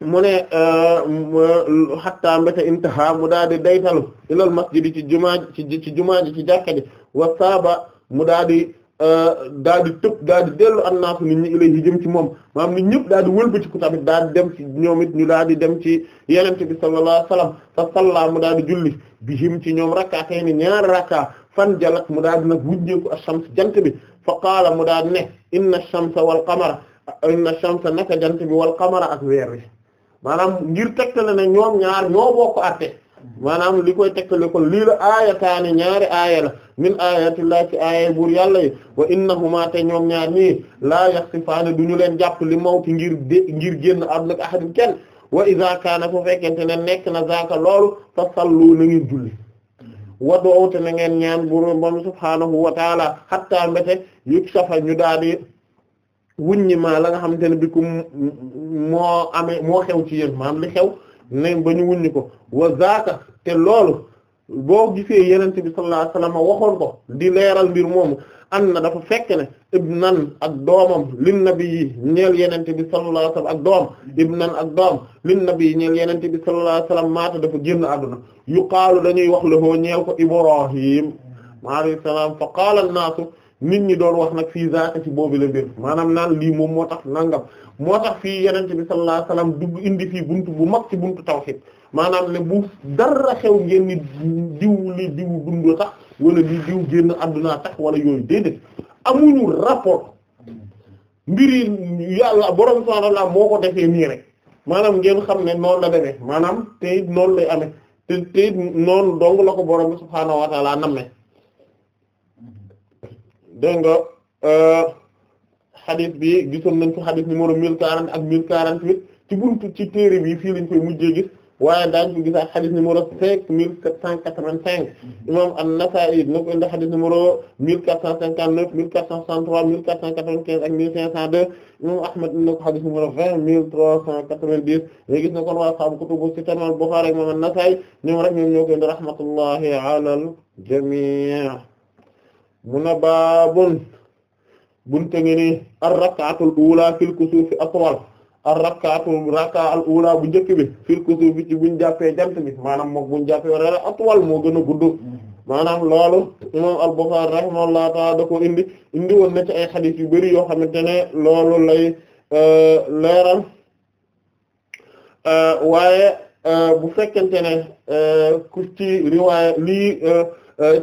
mu ne euh, hatta mbéta intaha mu daa di daytalu ilal masjidi ci jumaa ji ci jumaa ji ci jàkka wa saaba mu daa di euh, daa di tëb daa dellu annaasu nit ñi ilay yi jëm ci moom maanaam nit ñëpp daa di wëlbati ku tamit daa di dem ci ñoom it ñu daa di dem ci yenente bi sallallahu alayhi wasallam fa salla mu daa julli bihim ci ñoom rakkaatee ni ñaari rakka fan jalat mu daa di nag wujjeeku ash-shams jant bi fa qaala mu daa di ne inna ash-shamsa wal qamara inna ash-shamsa naka jant bi wal qamara ak weer wi maanaam ngir tegtale na ñoom ñaar ñoo bokk àtte maanaam li koy tegtale kon lii la aayataani ñaari aaya la min aayatillahi ci aaya buur yàlla yi wa innahuma te ñoom ñaar nii laa yaxsifaani du ñu leen jàpp li mawti ngir dé ngir génn àdduna ak ahadin wa iza kaana fu fekkente ne nekk na zaaka loolu fa sallu na ngeen julli wadoote na ngeen ñaan buur moom subhaanahu wa hatta mbete yëg safa ñu daal wuññi maa la nga xamante ne bi ku moo amee moo xew ci yéen maam li xew ne ba ñu wuññi ko wa zaaka te loolu boo gisee yenent bi sallallahu alayhi wasallam waxoon ko di leeral mbir moomu an na dafa fekke ne ibnan ak li lin nabi yi ñeel yenente bi sallallahu alayhi wasallam ak ibnan ak doom lin ñeel yenente bi sallallahu alayhi wasallam maata dafa génn àdduna yuqaalu dañuy wax la hoo ñeel ko ibrahim alayhi salaam fa qaala naasu nit ñi doon wax nag fii zaaka ci boobu la mbir maanaam naan lii moom moo tax nangam moo tax fii yenente bi sallallahu alayhi wasallam dugg indi fii bunt bu mag ci buntu tawhid maanaam ne bu dara xew ngeen ni diw li diw dundoo tax wala li diw génn addunaa tax wala yooyu déedéet amuñu rapport mbir yi yàlla borom subhaanahu wa moo ko defee nii rek maanaam ngeen xam ne noonu la demee maanaam te it noonu lay amee te te noonu dong la ko borom subhaanahu wa ta'aala dégg nga xadis euh, bi gisoon nañ ko xadis numéro mille quarante ak mille quarante huit ci buntu ci téere bi fii lañ gis waaye daañu ko gisaat xadis numéro cinq mille sept cent quatre vingt cinq imam an i dina ko indi xadis numéro mille quatre cent cinquante neuf mille quatre cent soixante trois mille quatre cent quatre vingt quinze ak mille cinq cent deux imam Ahmad dina ko xadis numéro vingt mille trois cent quatre vingt dix léegi gis na kon waa sahaabu kutubu sitta imam Bukhari imam an rek ñoom indi rahmatullahi ala al bu ne baabun bunte ngi ni ar-rak'atul ula fil kusufi atwal ar-rak'atul rak'a al ula bu njëkk bi fil kusufi ci buñ jàppee jant bi maanaam moom buñ jàppee wala atwal gën a gudd maanaam loolu imam al-Bukhari rahimahullahu ta'ala ko indi indi woon na ci ay xadis yu bari yoo xamante ne loolu lay euh, leeral euh, waaye euh, bu fekkente ne ku ci lii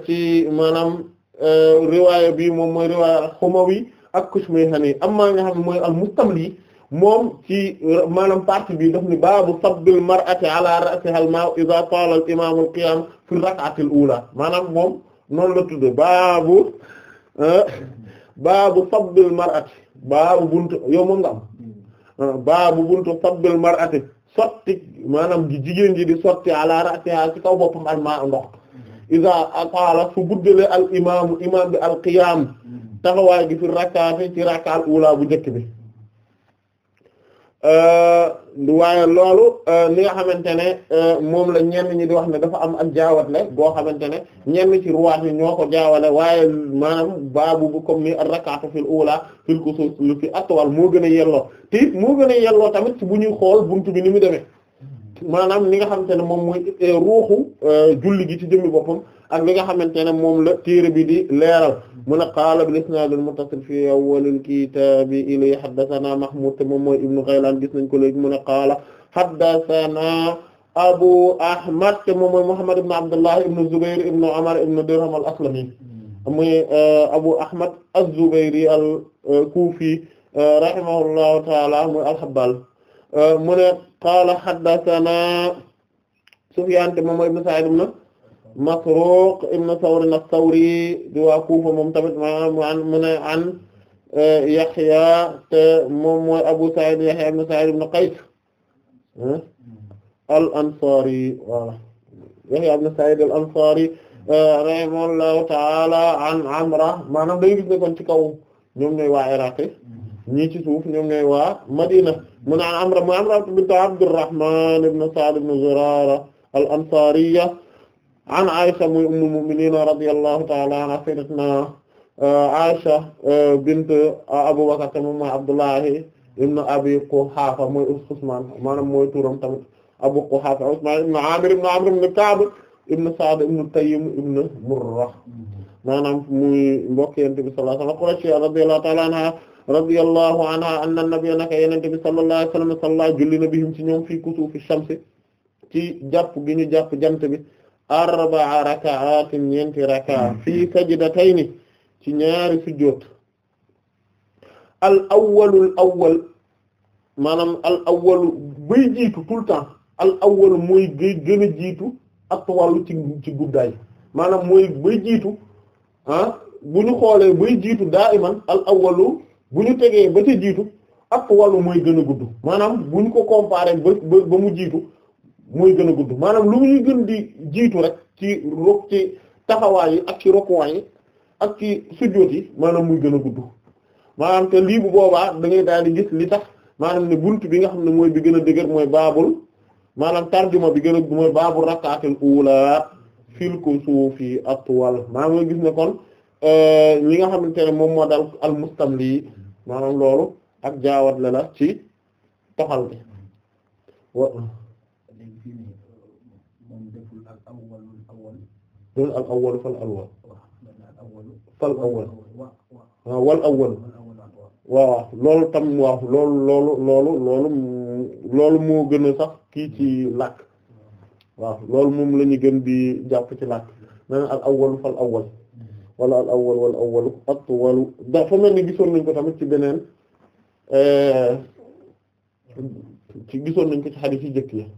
ci maanaam Euh, riwaaya bi moom mooy riwaaya Xumawi ak Kushmayhani amma nga xam mooy al-Mustamli moom ci maanaam partie bi daf ni baabu sabbil mar'ati ala ra'siha al-maa'u idha tala al-imaamu al maanaam moom noonu la tudd baabu euh, baabu sabbil mar'ati baabu buntu yow moom euh, baabu buntu sabbil mar'ati sotti maanaam ji jigéen ji di sotti ala ra'siha ci kaw boppam al-maa'u isa ataala su guddale al imaamu imaam bi al qiyaam taxawaay gi fi rakkaate ci rakkaal ula bu njëkk bi euh, waaye loolu euh, li nga xamante ne euh, moom la ñenn ñi di wax ne dafa am ak jaawatle goo xamante ne ñenn ci ruwaat yi ñoo ko jaawale waaye maanaam baabu bu comme ni rakkaatu fil ula fil kusuuf lu fi gën a yelloo te mu gën a yelloo tamit ci bu ñuy xool buntu bi ni mu demee maanaam li nga xamante ne moom mooy ruuxu euh, julli gi ci jëmmi boppam ak li nga xamante ne moom la téere bi di leeral mu a qaala bil isnaad al muttasil fi awwalil kitaabi ilay haddathana Mahmud te moom mooy ibnu Ghaylan gis nañ ko léegi mu ne qaala haddathana Abu Ahmad te moom mooy Muhammad ibn Abdullah ibn Zubair ibn Umar ibn Dirham al Aslami muy euh, Abu Ahmad az-Zubayri al-Kufi euh, rahimahullahu ta'ala muy al-Habbal qaala haddathana Sufyaan moom mooy ibn Sa'iid ibn Masruuq ibn Thawr ath-Thawri di waa Kuufa moom tamit maanaam mu ne an e, Yaxya te moom mooy Abu Sa'iid Yaxya ibn Sa'iid ibn Qays e, al-Ansaari voilà Yaxya ibn Sa'iid al-Ansaari e, rahimahullahu ta'aala an Amra maanaam day gis ne kon ci kaw ñoom ñooy waa Iraq ñii ci suuf ñoom ñooy waa Madina mu ne Amra mu Amra bint Abdurrahman ibn Sa'd ibn Zurara al-Ansariya an Aisha muy ummul mu'minin radiyallahu ta'ala anha sayyidatuna uh, Aisha uh, bint uh, Abu Bakr tamit mooy Abdullahi ibn Abi Quhafa mooy umm Usman maanaam mooy turam tamit Abu Quhafa Usman ibn Amir ibn Amr ibn Ka'b ibn Sa'd ibn Taym ibn Murrah maanaam muy mbokk Yonent bi sallallahu alayhi wa sallam Quraysh radiyallahu ta'ala anha radiyallahu anha anna nabiyya naka yenente bi sallallahu alayhi wasallam salla julli ci ñoom fii kusuufi shamsi ci jàpp gi ñu jàpp jant bi arba'a raka'atin ñeenti raka hmm. fii sajdatayni ci ñaari sujjóot al awwalul awwal maanaam al awwalu bay jiitu tout le temps al awwal mooy gay gën jiitu atwalu ci ci guddaay maanaam mooy bay jiitu ah bu ñu xoolee jiitu daa iman al awwalu bu ñu tegee ba ca jiitu ab wàllu mooy gën a gudd maanaam bu ñu ko comparé ba ba mu jiitu mooy gën a gudd maanaam lu muy gën di jiitu rek ci rok ci taxawaay yi ak ci rokuwaay yi ak ci sujjóot yi maanaam muy gën a gudd maanaam te lii bu boobaa da ngay daal di gis li tax maanaam ne bunt bi nga xam ne mooy bi gën a dëgër mooy baabul maanaam tarjuma bi gën a mooy baabul rakaatil uula fil kusuufi atwal maanaam nga gis ne kon li euh, nga xamante ne moom moo daal al mustamli maanaam loolu ak jaawat la la ci toxal bi wa ah, euh, dun al awwal fal awwal fal awwal ah, wal awwal waaw loolu tam waaw loolu loolu loolu loolu moo gën a sax kii ci làkk waaw loolu moom la ñu gën di jàpp ci làkk menen al awwal fal awwal wala al awwal wal awwalu atwalu dafa mel ni gisoon nañ ko tamit ci beneen eh, ci gisoon nañ ko ci xadiis jëkk yi ci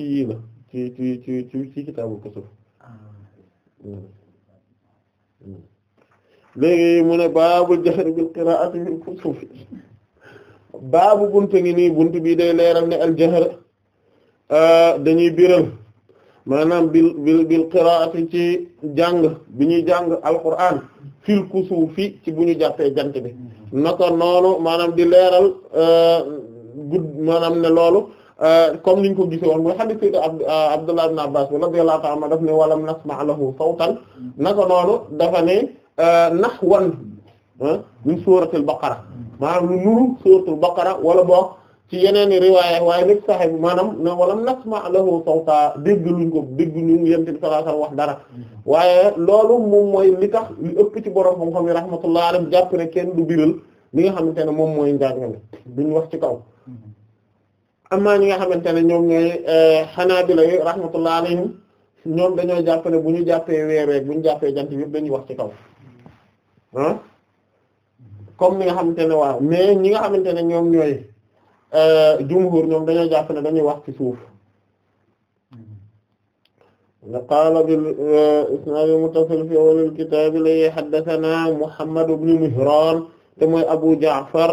yii la ci ci ci ci ci kitaabul kasaf ah. hmm. Hmm. léegi mu ne baabul jahri bil qiraa'ati fil kusufi baabu buntu ngi nii buntu bii day leeral ne al jahr Ah, dañuy biral maanaam bil bil bil qiraati ci jàng bi ñuy jàng alquran fil kusuufi ci bu ñu jàppee jant bi naka noonu maanaam di leeral ah, gudd maanaam ne loolu ah, comme niñ ko gisee woon mooy hadith sayyid Abdullah ibn Abbas radiyallahu ta'ala daf ne walam nasma' lahu sawtan naka noonu dafa ne nahwan min suuratul baqara maanaam lu nuru baqara wala boog ci yeneen waaye riwaaya waaye nag saxe bi maanaam nag ma nasma lahu sawta dégg luñ ko dégg ñu yent bi sallallahu alayhi wax dara waaye loolu moom mooy li tax li ëpp ci borom xam-xam yi rahmatullah alayhi jàpp ne kenn du biral li xamante ne moom mooy njàng mi duñ wax ci kaw amaa ñi nga xamante ne ñoom ñooy xanaabila eh, yi rahmatullah alayhim ñoom dañoo jàpp ne bu ñu jàppee weer bu ñu jàppee jant yëpp dañuy wax ci kaw ah? comme ni nga xamante ne waaw mais ñi nga xamante ne ñoom ñooy Euh, jumhur ñoom dañoo jàpp ne dañuy wax ci suuf nga qaala bil euh, isnaadil muttasil fi awwalil kitaab li haddasanaa Muhammad ibn Mihraan te mooy Abu Ja'far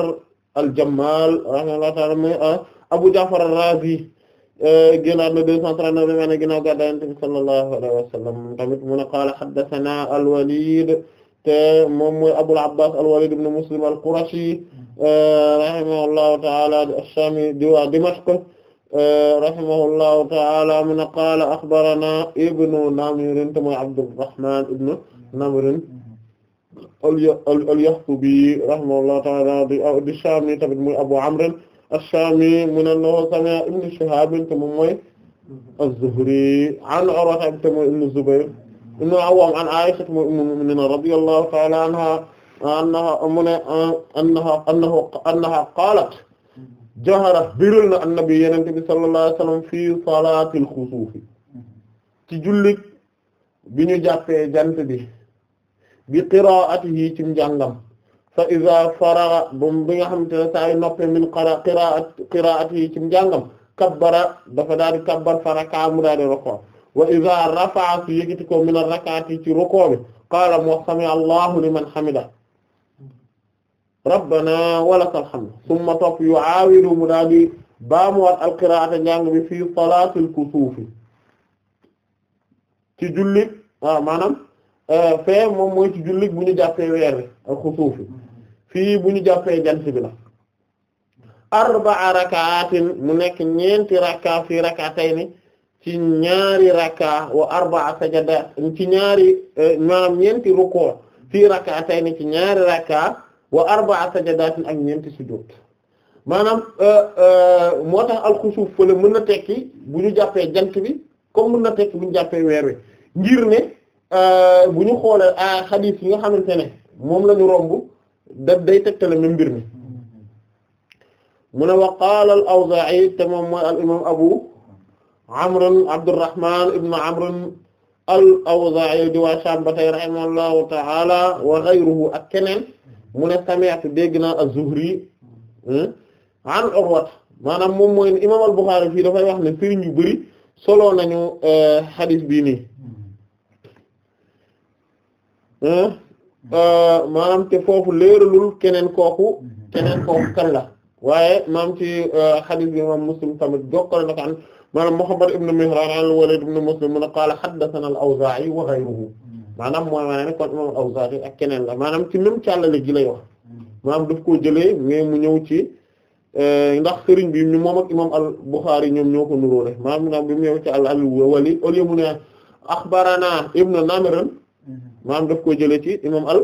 al-Jammaal rahimahullahu ta'aala mooy euh, Abu Ja'far ar-Raazi génnaat na 239 ma ne ginnaaw gàddaay Yonent bi sallallahu alayhi wa sallam tamit mu ne qaala haddasanaa al-Waliid te moom mooy Abul Abbaas al-Waliid ibn Muslim al-Qurashi rahimahullahu ta'ala as-Saami di waa Dimashq eh, rahimahullahu ta'ala mu ne qaala axbarana ibnu Namrin te mooy Abdurrahman ibnu Namrin al-Yahsubi rahimahullahu ta'ala di Saami tamit muy Abu Amr as-Saami mu ne noo sami'a ibnu Shihaab te moom mooy az-Zuhri an Urwa te mooy ibnu Zubayr ibnu Awwaam an Aisha te mooy ummul mu'miniin radiyallahu ta'ala anha annaha mu ne annaha annahu annaha qaalat jahara biral na annabi yenente bi sallallahu alayhi wasallam fii salaatil xusuufi ci jullit bi ñu jàppee jant bi bi qiraatihi ci njàngam fa iza faraga bam bi nga xamante ne saa yu noppee min qiraatihi ci njàngam kabbara dafa daal di kabbar fa raka mu daal wa iza rafa'a su yëkkati ko min ar-rakaati ci roko bi qaala sami allahu liman hamida rabbana walakal hamd summa topp yu aawiru mu daal di baamuwaat alqiraata njàng bi fii salaatil kusuufi ci jullit waaw euh, fee moom mooy ci jullit bu jàppee weer bi ak kusuufi jàppee jant bi arba'a rakaatin mu nekk ñeenti rakka fii rakatayni ci ñaari rakka wa arba'a sajada ci ñaari euh, maanaam ñeenti ruku fii rakatayni ci ñaari rakka wa arba'a sajadatin ak ñeenti sujjóot maanaam euh, euh, moo tax alxusuuf fële mën na tekki bu ñu jàppee jant bi comme mën na tekki bu ñu jàppee weer wi ngir ne euh, bu ñu xoolee a xadiis yi nga xamante ne moom lañu ñu romb daf day tegtale même mbir mi mu ne wa qaala al-Awzaa'i te moom mooy al imaam Abu Amr Abdurrahman ibn Amr al di waa Shaam ba tey rahimahullahu ta'ala wa ghayruhu ak keneen. mu ne sami'tu dégg naa az-Zuhri hmm, an Urwa maanaam moom mooy ne imaam al-Bukhari fii dafay wax ne sëriñ yu bëri solo nañu xadis eh, bii nii hmm, eh, maanaam te foofu leeralul keneen kooku keneen kooku kan la waaye maam ci xadis eh, bi imaam Muslim tamit jokkale na ko an maanaam Muhammad ibn Mihraan al-Walid ibn Muslim mu ne qaala haddathana al-Awzaa'i wa ghayruhu maanaam mooy maanaam kon imam Awzaa'i ak keneen la maanaam ci même càllale gi lay wax maanaam daf koo jëlee mais mu ñëw ci euh, ndax sëriñ bi ñu moom ak imam al-Bukhari ñoom ñoo ko nuróole maanaam bi mu ñëw ci al wali au lieu mu ne axbarana ibnu Namran maanaam daf koo jëlee ci imam al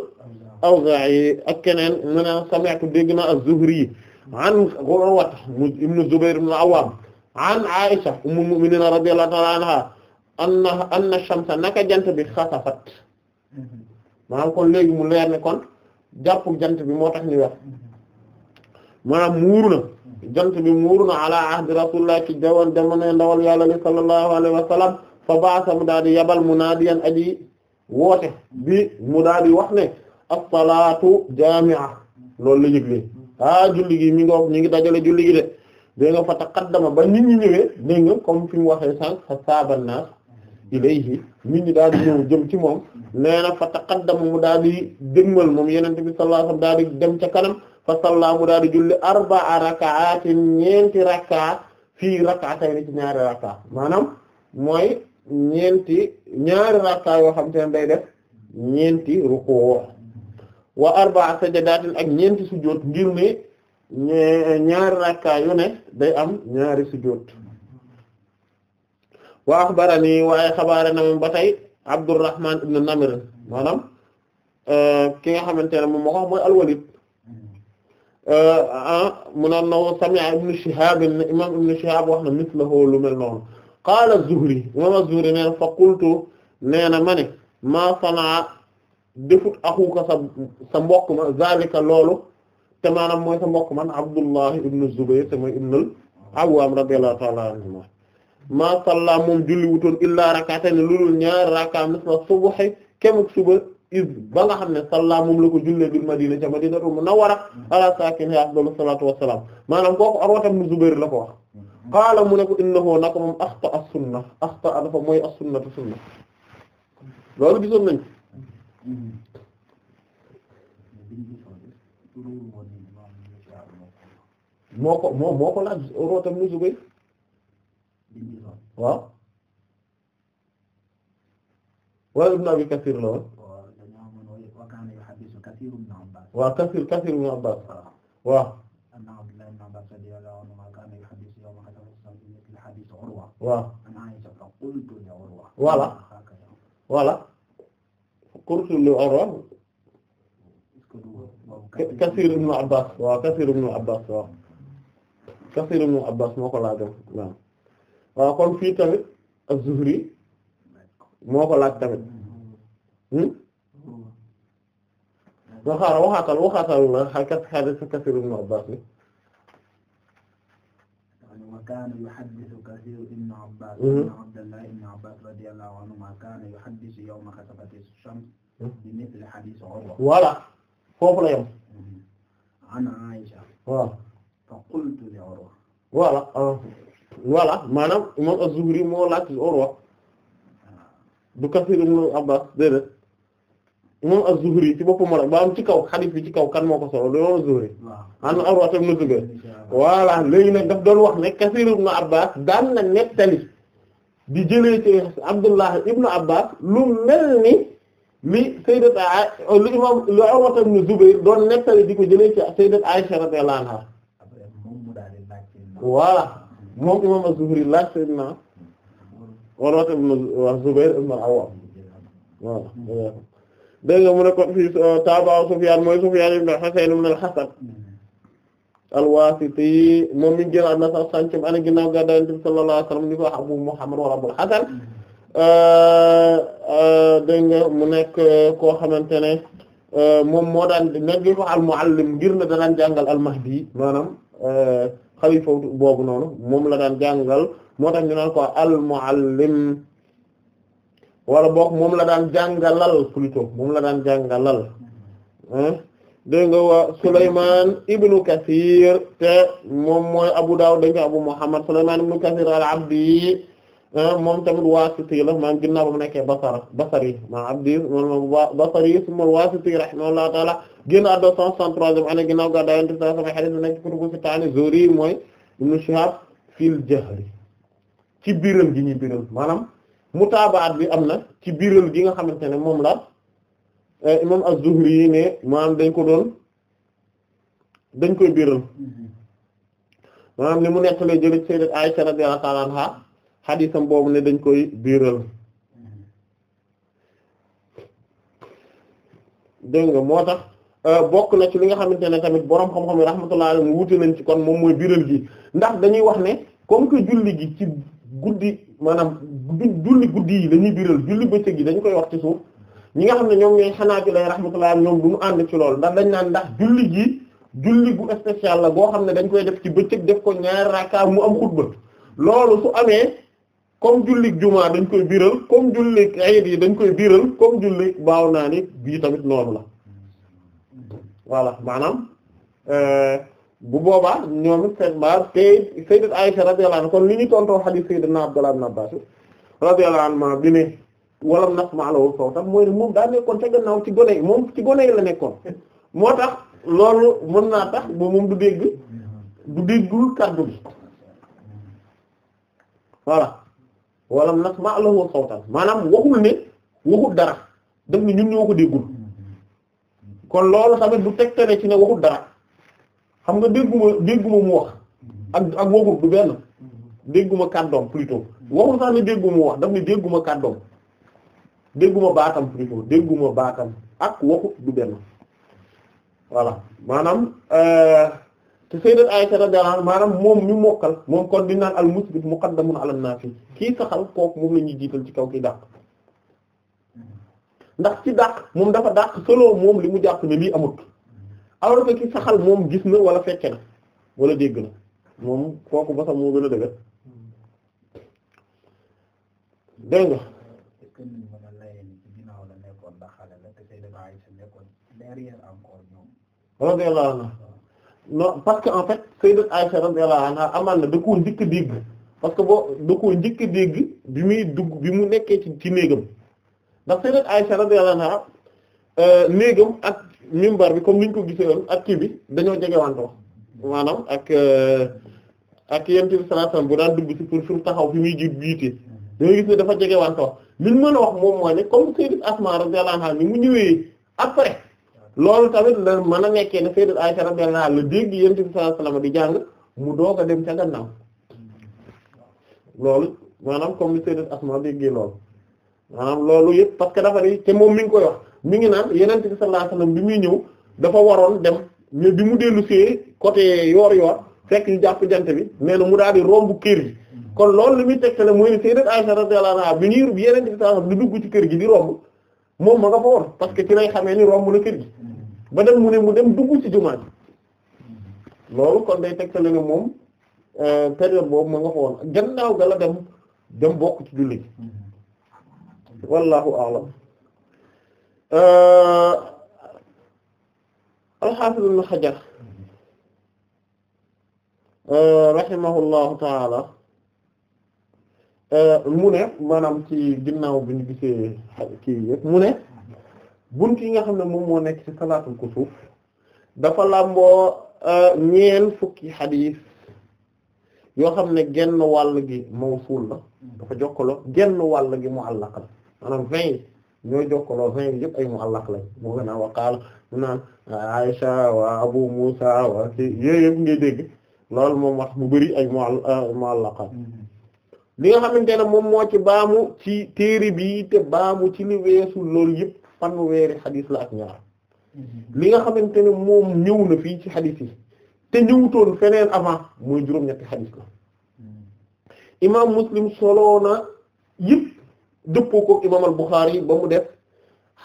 Awzaa'i ak keneen mu ne sami'tu dégg na az-Zuhri an Urwata mu ibnu Zubayr ibn Awwam an Aisha ummul mu'minin radiyallahu ta'ala anha anna anna shamsa naka jant bi xasafat maanaam kon léegi mu leer ne kon jàpp jant bi moo tax ñuy wax maanaam muuru na jant bi muuru na ala ahdi rasulullah ci jawoon jamono ndawal yàlla li sallallahu alayhi wa fa baasa mu daal di yabal munaadiyan aji woote bi mu daal wax ne as-salaatu jaami'a loolu la yëgle ah julli gi mi ngi wax ñu ngi dajale julli gi de dégg nga fa taqaddama ba nit ñi ñëwee dégg nga comme fi mu waxee sànq fa saaban naas ilayhi nit ñi daal di ñëw jëm ci moom nee na fa taqaddama mu daal di dégmal moom yenente bi sallallahu alayhi wasallam dem ca kanam fa salla mu daal di julli arba'a rak'atin ñeenti rakka fii rak'atayn ci ñaari rakka maanaam mooy ñeenti ñaari rakka yoo xam te ne day def ñeenti ruku wa arba'a sajadatin ak ñeenti sujjóot ngir mi ñaari rakka yu ne day am ñaari sujjóot wa axbarani waaye xabaare na moom ba tey Abdurrahman ibn Namir maanaam euh, ki nga xamante ne moom moo ko wax mooy al-Walid euh, ah, mu naan no sami'a ibn Shihab imam ibn Shihab wax na mislahu lu mel noonu qaala az-Zuhri imam az-Zuhri nee na fa qultu nee na ma ne maa sanaa defut axuka sa sa mbokk ma zalika loolu te maanaam mooy sa mbokk man Abdullah ibn Zubayr te mooy ibn al-Awwam radiyallahu ta'ala anhuma maa salla moom julli wutoon illaa rak'atayn lulul ñaar raka misla subhi kemuk suba is ba nga xam ne salla moom la ko jullee madina ca madinatu munawwara ala saakinihaa afdalu la ko wax qaala mu ne ko innahu naka moom axta as-sunna axta dafa mooy as-sunnatu sunna loolu gisoon nañ waaw waaye ibn abi kasir la woon waaw kasir kasir ibn abbas waaw waaw voilà voilà qultu li Urwa Kasiir ibn Abbaas waaw Kasiir ibn Abbaas waaw Kasiir ibn Abbaas moo ko laajoon waaw waaw kon fii tamit az-Zuhri moo ko laaj tamit hmm? Hmm. nga xaar waxaatal waxaatal na xakas xadis Kasiir ibn Abbaas bi kaana yuhaddisu Kasiir ibn Abbaas hmm? ibn Abdullah ibn Abbaas radiyallahu anhumaa kaana yuhaddisu yawma khasafati shams bi mithli hadiis Urwa voilà foofu la yem an Aisha waaw fa qultu li Urwa voilà ah. voilà maanaam imam az-Zuhri moo laaj Urwa du Kaseer ibn Abbas déedéet imam az-Zuhri ci moo ba am ci kaw hadith ci kaw kan moo ko solo loolu az-Zuhri an Urwa ibn Zubayr voilà léegi nag daf doon wax ne Kaseer ibn Abbas daan na nettali di jëlee ci Abdullah ibn Abbas lu mel ni li sayyidat a li imam li Urwa ibn Zubayr doon nettali di ko jëlee ci sayyidat Aisha radiyallahu anha voilà moom imam az-Zuhri laaj sayyidina Urwa ibn Zubayr ibn al-Awwam waaw dégg nga mu ne ko fii euh, taaba Sufyaan mooy Sufyaan ibn Husayn ibn al-Hasan al-Waasiti moom mi ngi génn àdduna cent cinquième année ginnaaw gàddaay Yonent bi sallallahu alayhi wa sallam ni ko wax Abu Muhammad wala Abul Hasan euh, euh, dégg nga mu nekk koo xamante ne moom moo daan nekk ko al-Muallim ngir ne da daan jàngal al-Mahdi maanaam xalifa boobu noonu moom la daan jàngal moo tax ñu naan ko al muallim wala boog moom la daan jàngalal plutôt moom la daan jàngalal dégg nga waa Souleymane ibnu Kathir te moom mooy Abu Dawud dañ Abu Muhammad Souleymane ibnu Kathir al-Abdi Euh, moom tamit waasiti la maanaam ginnaaw ba mu nekkee basara basari ma abdi basari suma waasiti rahimahullahu taala génn àdduna 163e année ginnaaw gàddaay Yonent bi sallallahu alayhi wa sallam hadith nekk kutubu sitta Zuhri mooy Ibn Shihab fil jahri ci biiral gi ñu biiral mu mutaabaat bi am na ci biiral gi nga xamante ne moom la euh, imam az-Zuhri yi ne maanaam dañ ko doon dañ koy biiral mm-hmm. maanaam ni mu nekk lay jële ci Sayyidat Aisha radiyallahu ta'ala anha xadisam boobu ne dañ koy biiral dégg nga moo tax euh, bokk na ci li nga xamante ne tamit borom xam-xam yi rahmatullahi alayhi mu wuute nañ ci kon moom mooy biiral gi ndax dañuy wax ne comme que julli gi ci guddi maanaam julli guddi yi lañuy biiral julli bëccëg yi dañ koy wax ci suuf ñi nga xam ne ñoom ñooy xanaa ci lay rahmatullahi ñoom du mu ànd ci loolu ndax dañ naan ndax julli gi julli gu spécial la boo xam ne dañ koy def ci bëccëg def ko ñaari raaka mu am xutba comme jullik jumaa dañ koy biral comme jullik dañ koy biral comme jullik baaw naa ni bii tamit noonu la voilà maanaam euh, bu boobaa ñoom it seen baar te sayyidat Aisha radiyallahu anha kon li ñu tontoo hadith sayyidina Abdullah ibn Abbas radiyallahu anhuma bi ne walam nasma' lahu sawtan mooy ne moom daa nekkoon ca gannaaw ci gone moom ci gone yi la nekkoon moo tax loolu mën naa tax ba moom du dégg du déggul kaddu bi voilà walam nasma' lahu sawtan maanaam waxul ne waxul dara daf ne ñun ñoo ko déggul kon loolu tamit du tegtale ci ne waxul dara xam nga dégguma dégguma mu wax ak ak waxul du benn dégguma kàddoom plutôt waxul sax ne dégguma mu wax daf ne dégguma kàddoom dégguma baatam plutôt dégguma baatam ak waxut du benn voilà maanaam euh, te sayyidat Aisha radiyallahu anha maanaam moom ñu mokkal moom kon di naan al na muqaddamun ala nafi kii saxal kooku moom la ñuy jiital ci kaw kii dàq ndax ci dàq moom dafa dàq solo moom li mu jàpp ne lii amut alors que ki saxal moom gis na wala fekke na wala dégg na moom kooku ba sax moo gën a dëgër dégg nga. radiyallahu anha non parce que en fait sayyidat Aisha radiyallahu anha amaan na da koo njëkk dégg parce que boo da koo njëkk dégg bi muy dugg bi mu nekkee ci ci néegam ndax sayyidat Aisha radiyallahu anha euh, néegam ak mimbar bi comme ni ñu ko gisee woon ak kii bi dañoo jegewantoo maanaam ak euh, ak yent bi sallallahu alayhi wasallam bu daan dugg ci pour fi mu taxaw fi muy ji jiite dañoo gis ne dafa jegewantoo li ñu mën a wax moom mooy ne comme sayyidat Asma radiyallahu anha ni mu ñëwee après loolu tamit la mën a nekkee ne Sayyidatu Aisha radiyallahu anha la dégg Yonent bi sallallahu alayhi wasallam di jàng mu doog a dem ca gannaaw loolu maanaam comme ni Sayyidatu ma déggee loolu maanaam loolu yëpp parce que dafa te moom mi koy wax mi ngi naan Yonent bi sallallahu alayhi wasallam bi muy ñëw dafa waroon de mais bi mu dellu see côté yoor-yoor fekk jàpp jant bi nee na mu daal di romb kër gi kon loolu li muy tegtale mooy Sayyidatu Aisha radiyallahu anha bi ñuy Yonent bi sallallahu alayhi wasallam di dugg ci kër gi di romb. moom ma nga fa woon parce que ci lay xamee ni romb na kër gi ba dem mu ne mu dem dugg ci jumaa ji loolu kon day tegtale ne moom euh, période boobu ma nga fa woon gannaaw ga la dem dem bokk ci julli gi wallahu a'lam euh, alxaafis ibn Hajar euh, rahimahullahu taala Euh, mu ne maanaam ci ginnaaw bi ñu gisee kii yëpp mu ne bunt yi nga xam ne moom moo nekk ci salaatul kusuuf dafa làmboo euh, ñeen fukki xadiis yoo xam ne genn wàll gi mawsuul la dafa jokkaloo genn wàll gi muallaq la maanaam vingt ñooy jokkaloo vingt yëpp ay mu naan Aisha wa Abu Musa wa ci mu bari ay euh, muallaqat li nga xamante ne moom moo ci baamu ci téere bi te baamu ci li weesu loolu yëpp fanweeri xadis la ak ñaar mm-hmm. li nga xamante ne moom ñëw na fii ci xadis yi te ñëwutoon feneen avant mooy juróom-ñetti xadis la mm-hmm. imaam Muslim soloo na yëpp dëppoo ko imaam al-Bukhari ba mu def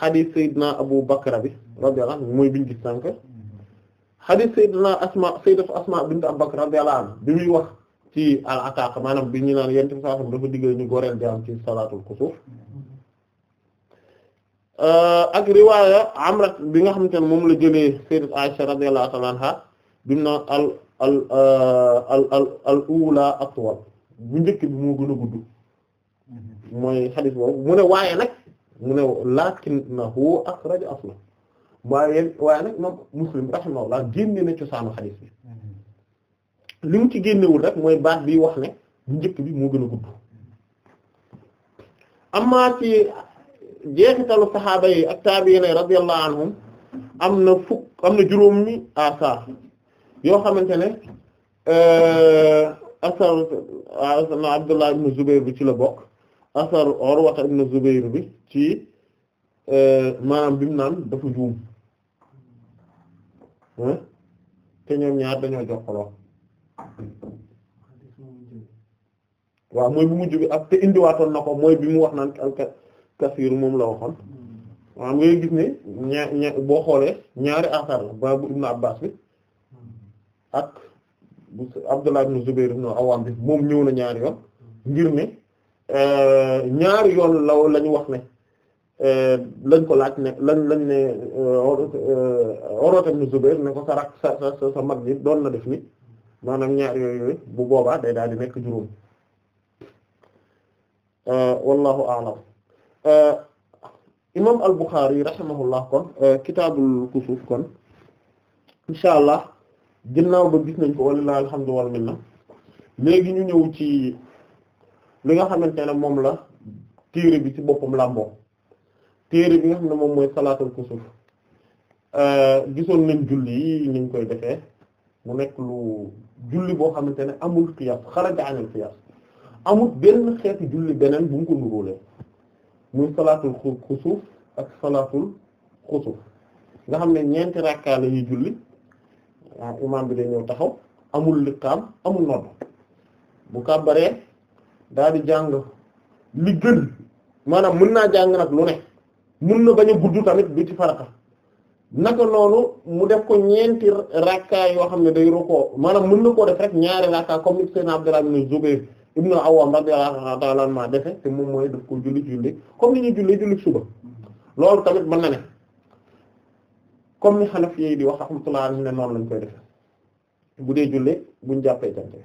xadis na Abu Bakra bi radiyallahu anhu mooy biñ gis sànk mm-hmm. xadis Seydina Asma Sayyidatu Asma bint Abu Bakr radiyallahu anha bi muy wax ci al ataaka maanaam bi ñu naan yent bi sallallahu alayhi wasallam dafa ñu goreel jaam ci salaatul kusuuf euh, ak riwaaya amrat bi nga xamante ne moom la jëlee sayyidat Aisha radiyallahu ta'ala bi bim na euh, al al al al al ula atwal bu njëkk bi moo gën a gudd mooy xadis boobu mu ne waaye nag mu ne lakinnahu axraja asla waaye waaye nag moom Muslim rahimahullah génne na cosaanu xadis bi lim ci génnewul rek mooy baat bi wax ne bu njëkk bi moo gën a gudd amaa ci jeexitalu saxaaba yi ak taabiina radiyallahu anhum am na fukk am na juróomi asar yoo xamante ne euh, asar na Abdullah ibn Zubayr bi ci la bokk asar Urwa ibn Zubayr bi ci euh, maanaam bimu naan dafa juum te ñoom ñaar dañoo jokkaloo waaw mooy bu mujj bi ak te indiwaatoon na ko mooy bi mu wax naan al kasiir moom la waxoon waaw ngay gis ne ñaar ñaar boo xoolee ñaari asar la ba bu ibnu Abbas bi ak Abdullah ibn Zubayr ibn Awwam bi moom ñëw na ñaari yoon ngir ne euh, ñaari yoon la lañu wax ne euh, lañ ko laaj ne lañ lañ ne Urwa euh, ibn Zubayr ne ko sa rak sa sa mag bi doon na def ni maanaam ñaar yooyu bu boobaa day daal di nekk juróom euh, wallahu a'lam euh, imam al-Bukhari rahimahullah kon euh, kitaabul kusuuf kon insha allah ginnaaw ba gis nañ ko walillahi alhamdu wal minna léegi ñu ñëw ci li nga xamante ne moom la téere bi ci boppam làmboo téere bi nga xam ne moom mooy salaatul kusuuf gisoon nañ julli yi niñ koy defee mu nekk lu julli boo xamante ne amul xiyaas xaraja anil xiyaas benn xeeti julli beneen bu mu ko nuróolee muy salaatul xusuuf ak salaatul xusuuf nga xam ne ñeenti rakkaa la ñuy julli ah, imaam bi day taxaw amul liqaam amul nodd bu kàbbaree daal di jàng li gën maanaam mën naa jàng nag lu ne mën na bañ a gudd tamit bi ci farata naka noonu mu def ko ñeenti rakka yoo xam ne day rukoo maanaam mën na koo def rek ñaari rakka comme ni Seydina Abdullah ibn Zubayr ibn Awwam radiyallahu ta'ala anhu defe te moom mooy daf ko julli julli comme ni ñuy julli julli suba loolu tamit mën na ne comme ni Hanafi yi di wax a rahmatullah alayhi ne noonu lañ koy defe bu dee julli buñ jàppee jante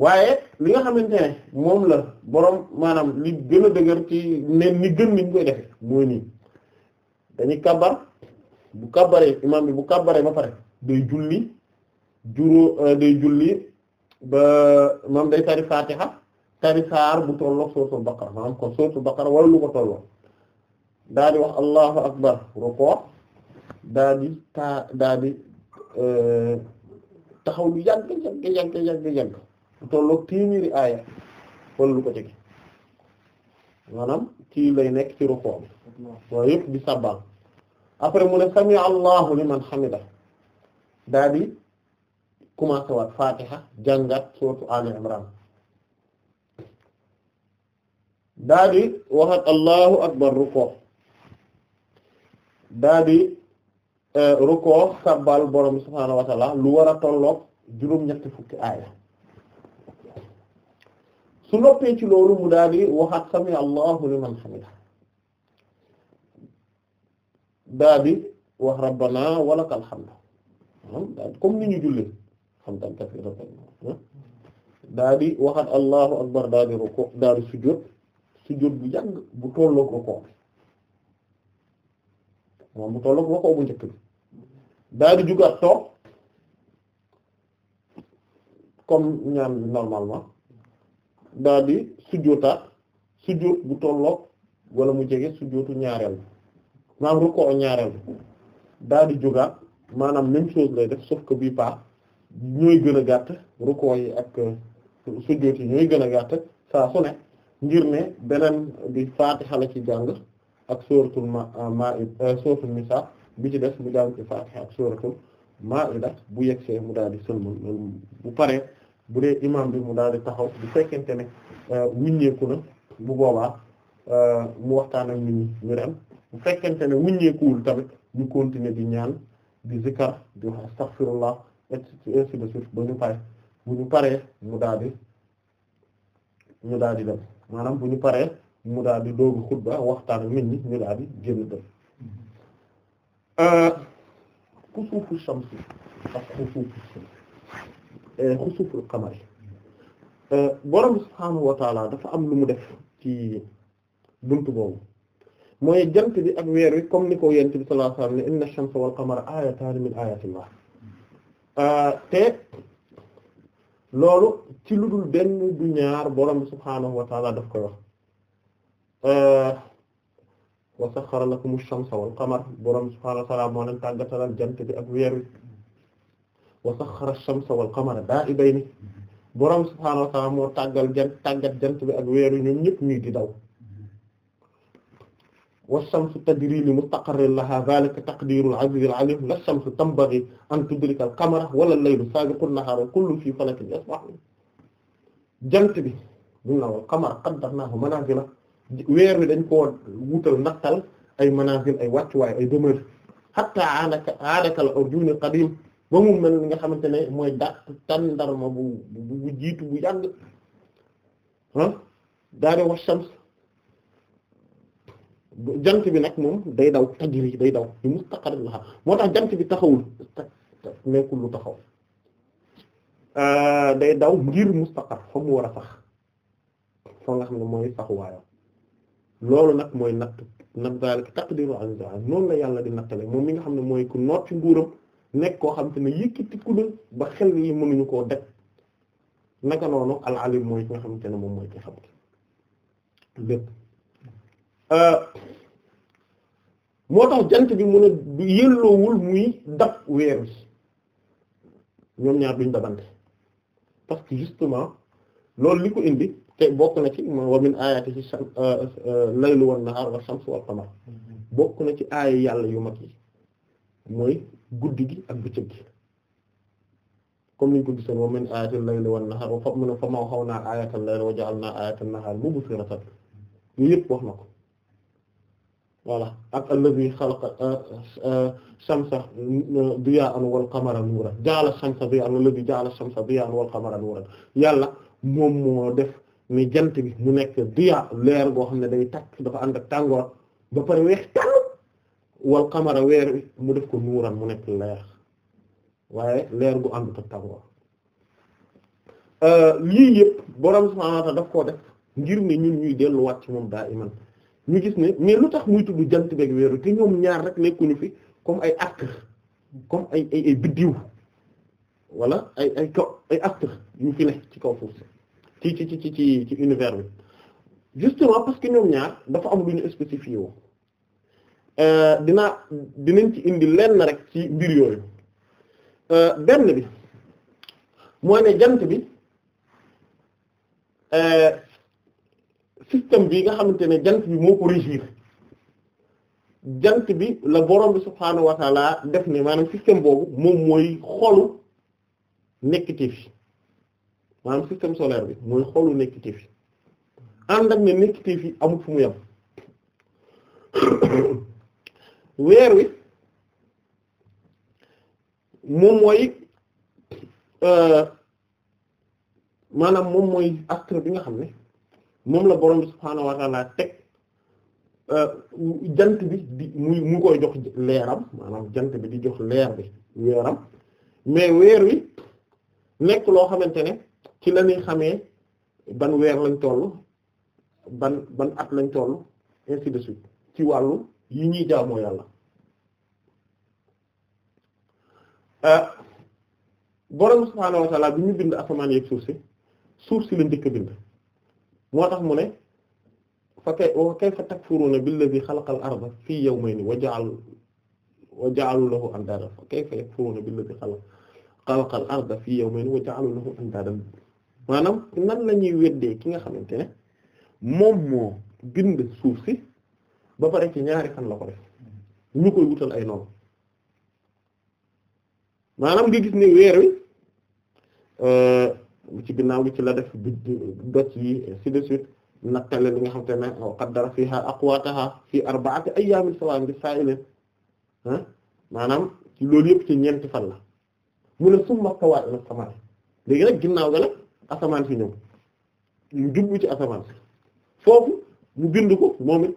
waaye li nga xamante ne moom la boroom maanaam li gën a dëgër ci ne ni gën niñ koy defe mooy nii dañuy kabar bu kàbbaree imaam bi bu kàbbaree ba pare day julli juróo euh, day julli ba day tari fatiha tari saar bu tolloog suratul baqara maanaam kon suratul baqara wala lu ko tolloo daa di wax allahu akbar rukoo daa taa daa euh, taxaw lu yàgg yàgg yàgg yàgg bu tolloog téeméeri aaya wala lu ko jege maanaam ci lay nekk ci rukoo bi waaye yëpp di sabbal après mu ne sami allahu liman hamida daa di commencé waat fatiha jàngat sourate Ali Imran daa di waxat allahu akbar ruko daa eh, ruko sabbal borom subhaanahu wa ta'ala lu war a tolloog juróom-ñetti fukki aaya su noppee ci loolu mu daa di waxat sami allahu liman hamida daa di wax rabbana walakal hamd maanaam comme ni ñu jullee hamdan kasiiran daa di waxat allahu akbar daa di ruku daa di sujjóot sujjóot bu yàgg bu tolloog ruku moom bu tolloog ruku bu njëkk bi daa di jugaat toog comme ñaan normalement daa di sujjóotaat sujjóot bu tolloog wala mu jege sujjóotu ñaareel maanaam rukkoo ñaareel daal di jógaat maanaam même chose lay def sauf que bii paax ñooy gën a gàtt rukkoo yi ak euh, sujjóot yi ñooy gën a gàtt saa su ne ngir ne beneen bi faatixa la ci jàng ak suratul euh, maa'ida euh, suratul nisaa ci des mu jàng ci faatixa ak suratul maa'ida bu yegsee mu daal di sëlmal bu paree bu dee imam bi mu daal di taxaw bu fekkente ne wuññeeku na bu boobaa mu waxtaan ak nit ñi ñu dem bu fekkente ne wuññeekuwul tamit ñu continuer di ñaan di zikar bi wax astaghfirullah et ainsi ba ñu pare bu ñu paree mu daal di ñu daal di dem maanaam bu ñu paree mu daal di doogu xutba waxtaan nit ñi ñu daal di génn dem mm-hmm. euh, xusuufu shamsi ak xusuufu shamsi euh, xusuuful qamari euh, borom subhaanahu wa taala dafa am lu mu def ci buntu boobu mooy jant bi ak weer wi comme ni ko yent bi sallallahu alayhi wa sallam ne inna ah, loolu ci lu dul benn ñaar borom subhaanahu wa taala daf koy wax wa saxxara lakumu ash-shamsa wal qamara borom bi subhaanahu wa taala ah, jant bi ak weer wi wa saxxara ash-shamsa wal qamara daa'ibayni borom subhaanahu bi ak weer wi ñoom di daw. wash-shamsu tajrii li mustaqarrin lahaa dhaalika taqdiirul aziizil aliim la shamsu yanbaghii an tudrikal qamara wala laylu saabiqun nahaar kullun fii falakin yasbahuun jant bi mun na wal qamara qaddarnaahu manaazila weer wi dañ koo wutal nattal ay manaazil ay wàccuwaay ay demeure hatta aadaka aadakal urjuunil qadiim ba mu mel li nga xamante ne mooy dàq tàndarma bu bu jiitu bu yàgg ah daal di wash-shams jant bi nag moom day daw tajri day daw bi mustaqarrin laha moo tax jant bi taxawul nekkul lu taxaw euh, day daw ngir mustaqar fa mu war a sax fa nga xam ne mooy saxuwaayam loolu nag mooy natt nag daal taqdiru azza noonu la yàlla di nattale moom mi nga xam ne mooy ku noot ci nguuram nekk koo xam te ne yëkkati kudda ba xel yi mënuñu koo def naka noonu al alim mooy ki nga xamante ne moom mooy ki xam lépp Euh, moo tax jant bi mun a yelloowul muy dab weer wi ñoom ñaar duñ dabante parce que justement loolu li ko indi te bokk na ci wa min ayatihi euh, euh, laylu wan nahar wa shamsu wal bokk na ci aaya yàlla yu mag yi mooy guddi gi ak bëccëg gi comme niñ ko gisoon wa min ayatil layli wan nahar mun a fa maw xaw naa ayatal layli wa ja'alna ayatal nahar mubsiratan yooyu yëpp wax na ko voilà ak allazi xalaqa euh, euh, shamsa euh, diya'an wal qamara nuran ja'ala shamsa diya'an allazi ja'ala shamsa diya'an wal qamara nuran yàlla moom moo def ni jant bi mu nekk diya leer goo xam ne day takk dafa ànd ak tàngoor ba pare weex tàll wal qamara weer mu def ko nuuran mu nekk leer waaye leer gu ànd ak tàngoor lii yëpp borom daf koo def ngir ne ñun ñuy delluwaat ci moom daa ñu gis ne mais lu tax muy tudd jant beeg weeru te ñoom ñaar rek nekkuñu fi comme ay acteurs comme ay ay biddiw wala ay ay kaw ñu fi ne ci kaw foofu ci ci ci ci ci univers bi justement parce que ñoom ñaar dafa am lu ñu spécifié wu euh, dinaa dinañ ci indi lenn rek ci mbir yooyu euh, benn bi mooy ne jant bi. Euh, système bi nga xamante ne jant bi moo ko régir jant bi la borom bi subhaanahu wa def ni maanaam système boobu moom mooy xolu nekkite fi maanaam bi mooy xolu nekkite fi ànd ak ne nekkite fi amul fu mu yem weer wi moom mooy euh, maanaam moom mooy astre bi nga xam ne moom la borom bi subhaanahu wa teg euh, jant bi di mu koy jox leeram maanaam jant bi di jox leer bi weeram mais weer wi nekk loo xamante ne ci la ñuy xamee ban weer lañ toll ban ban at lañ toll ainsi de suite ci wàllu yi ñuy jaamoo yàlla euh, borom subhaanahu wa ta'ala bi ñu bind asamaan yeeg suuf si suuf si lañ njëkk a bind. moo tax mu ne fa kay wa kayfa takfuruna billazi xalaqal arda fii yawmayni wa ja'al wa ja'alu lahu andaadan fa kayfa takfuruna billazi xalaqal arda fii yawmayni wa ja'alu lahu andaadan maanaam nan la ñuy weddee ki nga xamante ne moom moo bind suuf si ba pare ci ñaari fan la ko def koy wutal ay noonu maanaam nga gis ne weer wi. Euh, ci ginnaaw gi ci la def bi doj yi ci de suite nattale li nga xam te ne qaddara fiha aqwataha fi arba'ati ayyamin sawa'in lis-sa'ilin ah, maanaam loolu yëpp ci ñeenti fan la mu ne summa stawa ila as-samaa léegi nag ginnaaw ga nag asamaan fi ñëw ñu jublu ci asamaan foofu mu bind ko moom it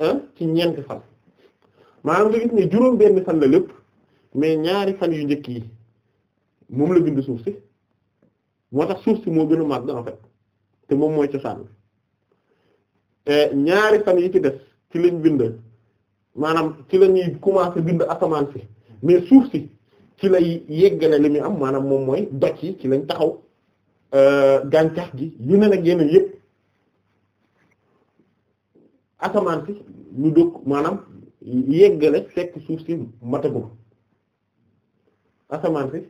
ah, ci ñeenti fan maanaam nga gis ne juróom benn fan la lépp mais ñaari fal yu njëkk yi moom la bind suuf si moo tax suuf si moo gën a màgg en fait te moom mooy cosaan e, ñaari fan yi ci def ci lañ bind maanaam ci lañuy ñuy bind asamaan si mais suuf si ci lay yeggale li muy am maanaam moom mooy doj yi ci lañ taxaw e, gàncax gi yeneen ak yeneen yëpp asamaan si ñu dëkk maanaam yeggale fekk suuf si matagul asamaan si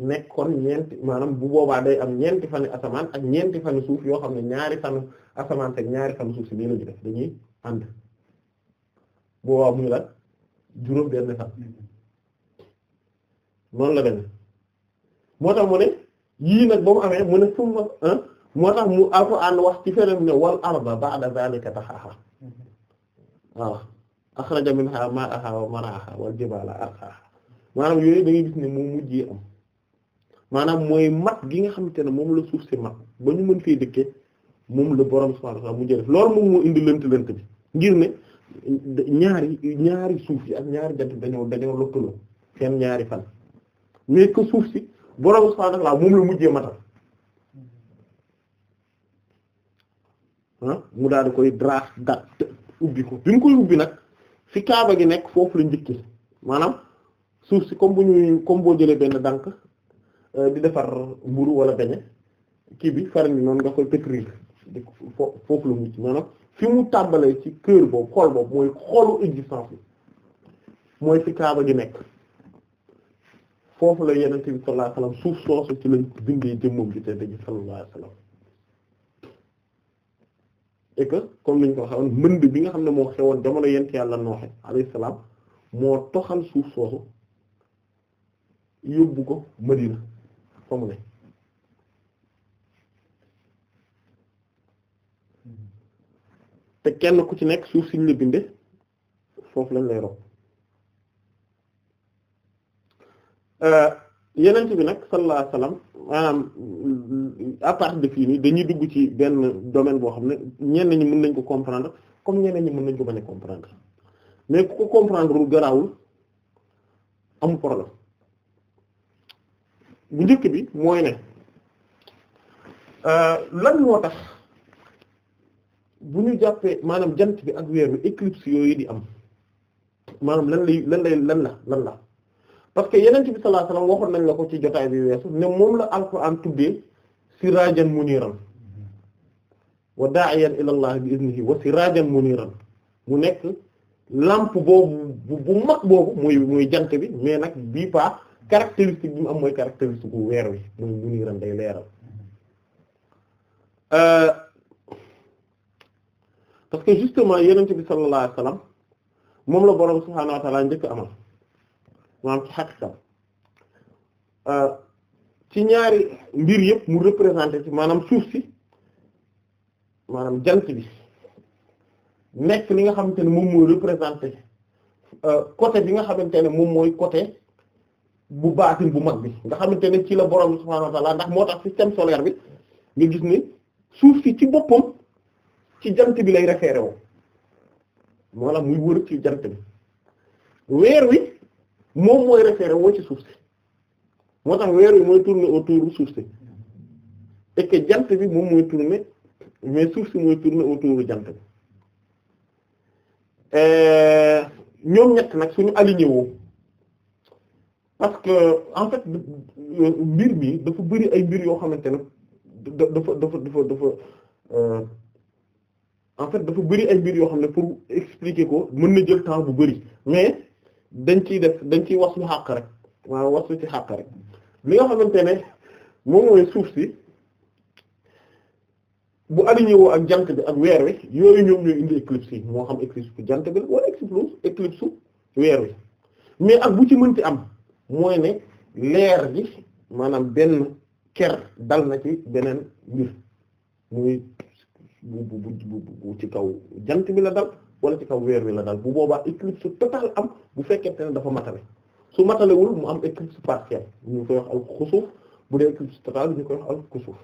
nekkoon ñeenti maanaam bu boobaa day am ñeenti fani asamaan ak ñeenti fan suuf yoo xam ne ñaari fan asamaan ak ñaari fan suuf si nii la ñu def dañuy ànd boobaa muy la juróom benn fan noonu la benn moo tax mu ne yii nag ba mu amee mu ne summa ah, moo tax mu alquran wax ci feneen ne wal arda ba'da zalika tahaha waaw akhraja minha ma'aha wa maraha wal jibala arsaha maanaam yooyu da ngay ne mu mujjee am maanaam mooy mat gi nga xamante ne moom la suuf si mat ba ñu mën fee dëkkee moom la borom subhaanahu wa mu jël loolu moom moo indi lënt lënt bi ngir ne ñaari ñaari suuf yi ak ñaari jant dañoo dañoo lëkkaloo seen ñaari fan mais ko suuf si borom subhaanahu wa ta'aala la mujjee matal ah mu daal koy draas dat ubbi ko bi mu koy ubbi nag fi kaaba gi nekk foofu la njëkki maanaam suuf si comme bu ñuy comme boo jëlee benn dànk Euh, di defar mburu wala beñe kii bi farine bi noonu nga koy pétrir di fo foofu la mucc maanaam fi mu tàmbalee ci cœur boobu xol boobu mooy xolu existence bi mooy fi kaaba gi nekk foofu la yenente bi sallallahu suuf soosu ci lañ bindee jëmmam ji te daji sallallahu alayhi comme niñ ko waxee woon bi nga xam ne moo xewoon jamono yent yàlla nooxe alayhi salaam moo toxal suuf soosu yóbbu ko Madina fa mu ne te kenn eh, ku ci nekk suuf siñ la binde foofu lañ lay yeneen yenent bi nag sallallahu alayhi wasallam maanaam mm, à partir de fii nii dañuy dugg ci benn domaine boo xam ne ñenn ñi mën nañ ko comprendre comme ñeneen ñi mën nañ ko bañ a comprendre mais ku ko comprendre lu garaawul amul problème bu njëkk bi mooy ne euh, lan moo tax bu ñu jàppee maanaam jant bi ak weer bi éclipse yooyu di am maanaam lan lay lan la lan la parce que yeneen bi sallallahu alayhi wasallam waxoon nañ la ko ci jotaay bi weesu ne moom la alquran tuddee sirajan muniran wa da'iyan ila allah bi iznihi wa sirajan muniran mu nekk lampe boobu bu mag boobu muy muy jant bi mais nag bii paa caractéristique bi mu am mooy caractéristique bu weer wi mooy muniiram day leeral euh, parce que justement yenente bi sallallahu alayhi moom la boroom subhaanahu wa njëkk amal maanaam ci xaqiqa euh, ci ñaari mbir yëpp mu représenter ci maanaam suuf si maanaam jant bi nekk li nga xamante ne moom mooy représenter euh, côté bi nga xamante ne moom mooy côté bu baatin bu mag bi nga xamante ne ci la borom subhaanahu wa ndax moo tax système solaire bi nga gis ni suuf si ci boppam ci jant bi lay référé woo maanaam muy wër ci jant bi weer wi moom mooy référé woo ci suuf si moo tax weer wi mooy tourner autour du suuf si et jant bi moom mooy tourner mais suuf si mooy tourner autour jant bi euh, ñoom ñett nag suñu aligné woo parce que en fait mbir mi dafa bari ay mbir yoo xamante ne dafa dafa dafa dafa euh, en fait dafa bari ay mbir yoo xam ne pour expliquer ko mën na jël temps bu bari mais dañ ciy def dañ ciy waslu xàq rek wax waslu ci xàq rek xamante ne moom mooy suuf si bu aligné woo ak jant bi ak weer wi yooyu ñoom ñooy indi éclipse yi moo xam éclipse bu jant bi wala éclipse éclipse weer wi mais ak bu ci mënti am mooy ne leer bi maanaam benn ker dal na ci beneen mbir muy bu bu bu bu ci kaw jant bi la dal wala ci kaw weer bi la dal bu boobaa éclipse total am bu fekkente ne dafa matale su matalewul mu am éclipse partielle ñu ko wax al xusuuf bu dee éclipse totale ñu koy wax al xusuuf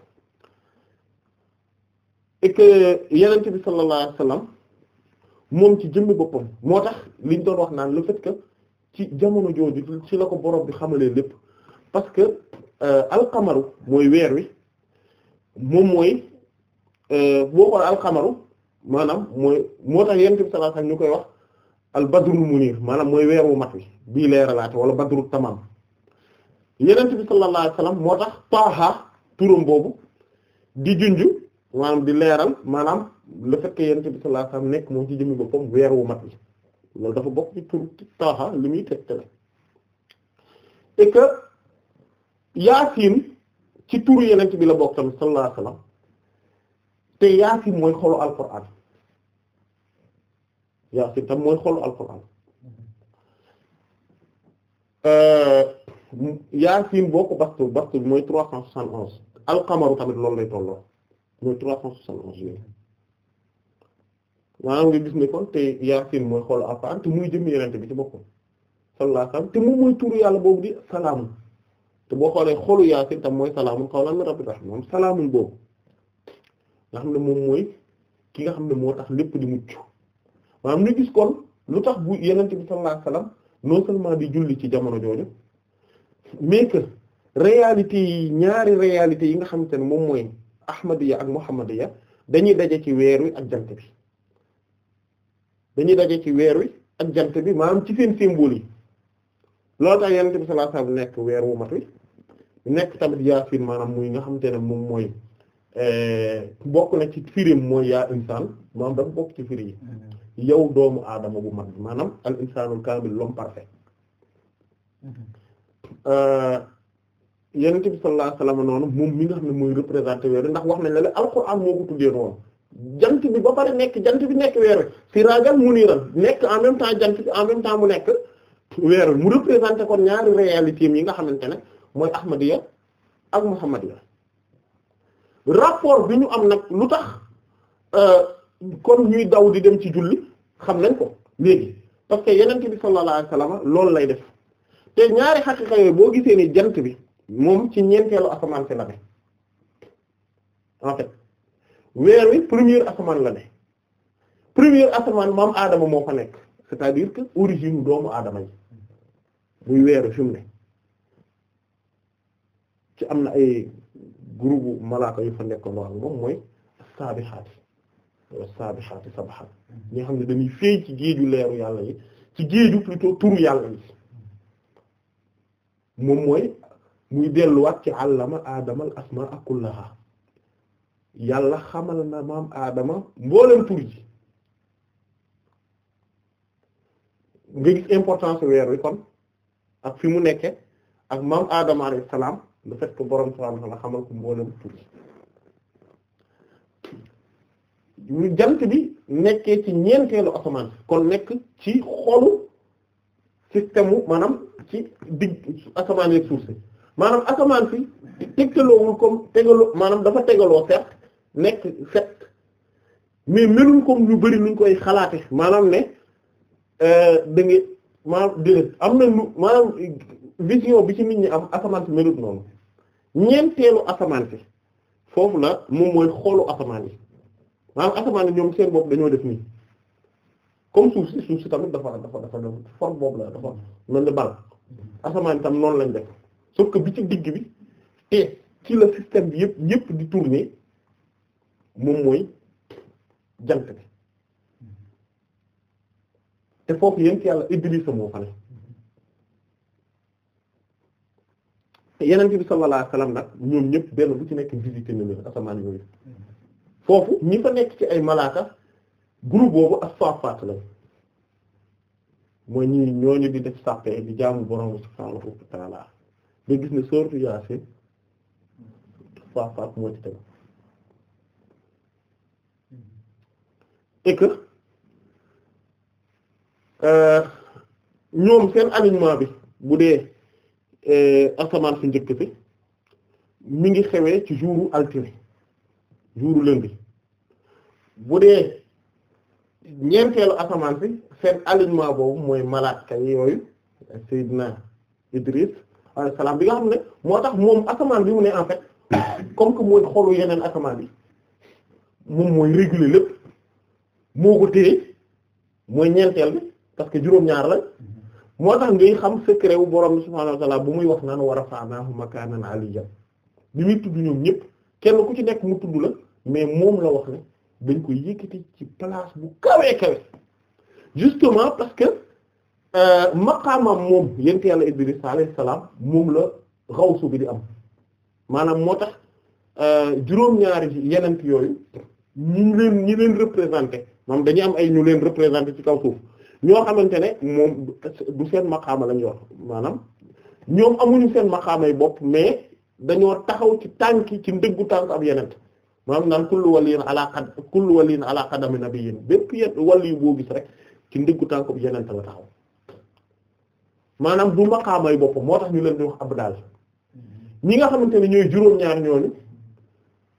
et que yonent bi sallallahu alayhi moom ci jëmmi boppam moo tax liñ doon wax naan la fait ci jamono jooju ci la ko borom bi xamalee lépp parce que euh, alxamaru mooy weer wi moom mooy euh, boo xool alxamaru maanaam mooy moo tax yonent bi sallallahu alayhi ñu koy wax al albadrul munir maanaam mooy weer wu mat wi bii leeralaate wala badrul tamam yonent bi sallallahu alayhi moo tax taaha turam boobu di junju maanaam di leeral maanaam la fait que yonent bi sallallahu alayhi wasallam nekk moom ci jëmmi boppam weer wu mat wi loolu dafa bokk ci tur taaha li muy tegtale et que yaasin ci tur yenent bi la bokk tamit sallallahu alayhi wasallam te yaasin mooy xolu alquran yaasin tam mooy xolu alquran euh, yaasin boo ko bastu bastu bi mooy trois cent soixante onze alqamaru tamit loolu lay tolloo mooy trois cent soixante onze yooyu waaw nga gis ne kon te yaasin mooy xoolu alxuraan te muy jëm yenente bi ci boppam sallallahu alayhi wasallam te moom mooy tuuru boobu di salaamun te boo xoolee xolu yaasin tam mooy salaamun xawlan min rabbir rahiim moom salaamun boobu nga xam ne moom mooy ki nga xam ne moo tax lépp di mucc maanaam nga gis kon lu tax bu yenente bi sallallahu alayhi wasallam non seulement di julli ci jamono jooju mais que réalité yi ñaari réalité yi nga xamante ne moom mooy ahmadiya ak muhammadiya dañuy daje ci weer wi ak jant bi dañuy daje ci weer wi ak jant bi maanaam ci seen symbole yi loolu tax yonent bi sallallahu nekk weer wu mat wi nekk tamit yaasin maanaam muy nga xamante ne moom mooy eh, bokk na ci firim mooy yaa insaan bokk ci firi yi mm-hmm. yow doomu aadama bu mat bi maanaam al insaanul kaamil l'homme parfait mm-hmm. eh, yonent bi noonu moom mi nga xam ne mooy représenté weer ndax wax nañ la la alxuraan moo ko tuddee noonu jant bi ba pare nekk jant bi nekk weer wi siraajan muniiran nekk en même jant bi en même mu nekk weeru wi mu représenté kon ñaari réalité yi nga xamante ne mooy ahmadiyya ak muhammadiyya rapport bi ñu am nag lu tax euh, kon ñuy daw di dem ci julli xam nañ ko léegi parce que yonent bi sallallahu alayhi loolu lay def te ñaari xaqiqa yooyu boo gisee ni jant bi moom ci ñeenteelu asamaan si la ne en weer wi première asamaan la ne premier asamaan maam aadama moo fa nekk c'est-à-dire que origine doomu aadama yi muy weer fi mu ne ci am na ay groupe malaaka yu fa nekk noonu moom mooy saabixaati wala saabixaati sabaxaat ñi xam ne dañuy feey ci géeju leeru yàlla yi ci géeju plutôt turu yàlla yi moom mooy muy delluwaat ci àllama aadamal asmaa kullaha yàlla xamal na maam aadama mboolem tur ji nga gis importance weer wi kon ak fi mu nekke ak maam aadama alayhi salaam le fait borom subhanahu wa ta'ala xamal ko mboolem tur ji jant bi nekkee ci ñeenteelu asamaan kon nekk ci xolu système u maanaam ci digg asamaan yeeg suuf si maanaam asamaan fi tegtaloowul comme tegaloo maanaam dafa tegaloo certes nekk fet mais meluñ comme ñu bari nuñ koy xalaate maanaam ne euh, da nga maanaam déedéet am na lu maanaam vision bi ci nit ñi am asamaan si melut noonu ñeenteelu asamaan si foofu la moom mooy xoolu asamaan yi maanaam asamaan yi ñoom seen bopp dañoo def nii comme suuf si suuf si tamit dafa dafa dafa forme dafa mel ni bal asamaan tam noonu lañ def sauf que bi ci digg bi te ci la système bi yëpp yëpp di tourner moom mooy jant bi te foofu yéen ci yàlla Iblis moo fa ne te yeneen bi sallallahu alayhi wasallam nag ñoom ñëpp benn bu ci nekk visité na leen asamaan yooyu foofu ñi fa nekk ci ay malaaka groupe boobu ak Saffaat la mooy ñi ñooñu di def sàppe bi jaamu borom subhaanahu wa ta'ala ba gis ne sourate Yaasin Saffaat moo ci tegu. et que euh, ñoom seen alignement bi bu dee euh, asamaan fi njëkk si mi ngi xewee ci jouru altine jouru bi bu dee ñeenteelu asamaan si seen alignement boobu mooy malaat malaaka yooyu Seydina Idris alayhi salaam bi nga xam ne moo tax moom asamaan bi mu ne en fait comme que mooy xolu yeneen asamaan bi moom mooy réguler lépp moo ko téye mooy ñeenteel bi parce que juróom-ñaar la moo tax ngay xam secret wu borom subhaanahu wa ta'aala bu muy wax naan war a faanaahu makaanan aliyyan bi muy tudd ñoom ñëpp kenn ku ci nekk mu tudd la mais moom la wax ne dañ ko yëkkati ci place bu kawee kawe justement parce que euh, maqaamam moom yent yàlla Idris alayhi salaam moom la xawsu bi di am maanaam moo tax euh, juróom-ñaari yenent yooyu ñi leen ñi leen représenté moom dañu am ay ñu leen représenté ci kaw suuf ñoo xamante ne moom du seen maqaama lañu yor maanaam ñoom amuñu seen maqaamay bopp mais dañoo taxaw ci tànki ci ndëggu tànk ab yeneen maanaam naan kullu waliyin ala qad kullu waliyin ala qadami nabiyyin bépp yet wàll yu boo gis rek ci ndëggu tànk ab yeneen taxaw maanaam du maqaamay bopp moo tax ñu leen di wax daal ñi nga xamante ne ñooy juróom-ñaar ñooñu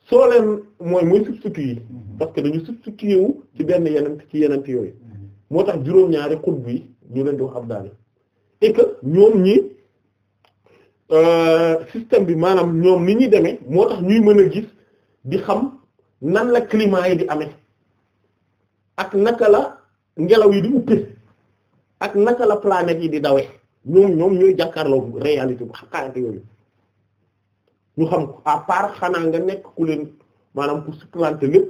soo leen mooy mooy substitut yi mhm. parce que dañu substitué wu ci benn yenent ci yenent yooyu mhm. moo tax juróom-ñaari xutb yi ñu leen di wax abdaal te que ñoom ñi euh, système bi maanaam ñoom ni ñuy deme moo tax ñuy mën a gis di xam nan la climat yi di amee ak naka la ngelaw yi di uppee ak naka la planète yi di dawee ñoom ñoom ñooy jàkkaarloo réalité bu xaqaante yooyu ñu xam ko à part xanaa nga nekk ku leen maanaam ku supplanter lépp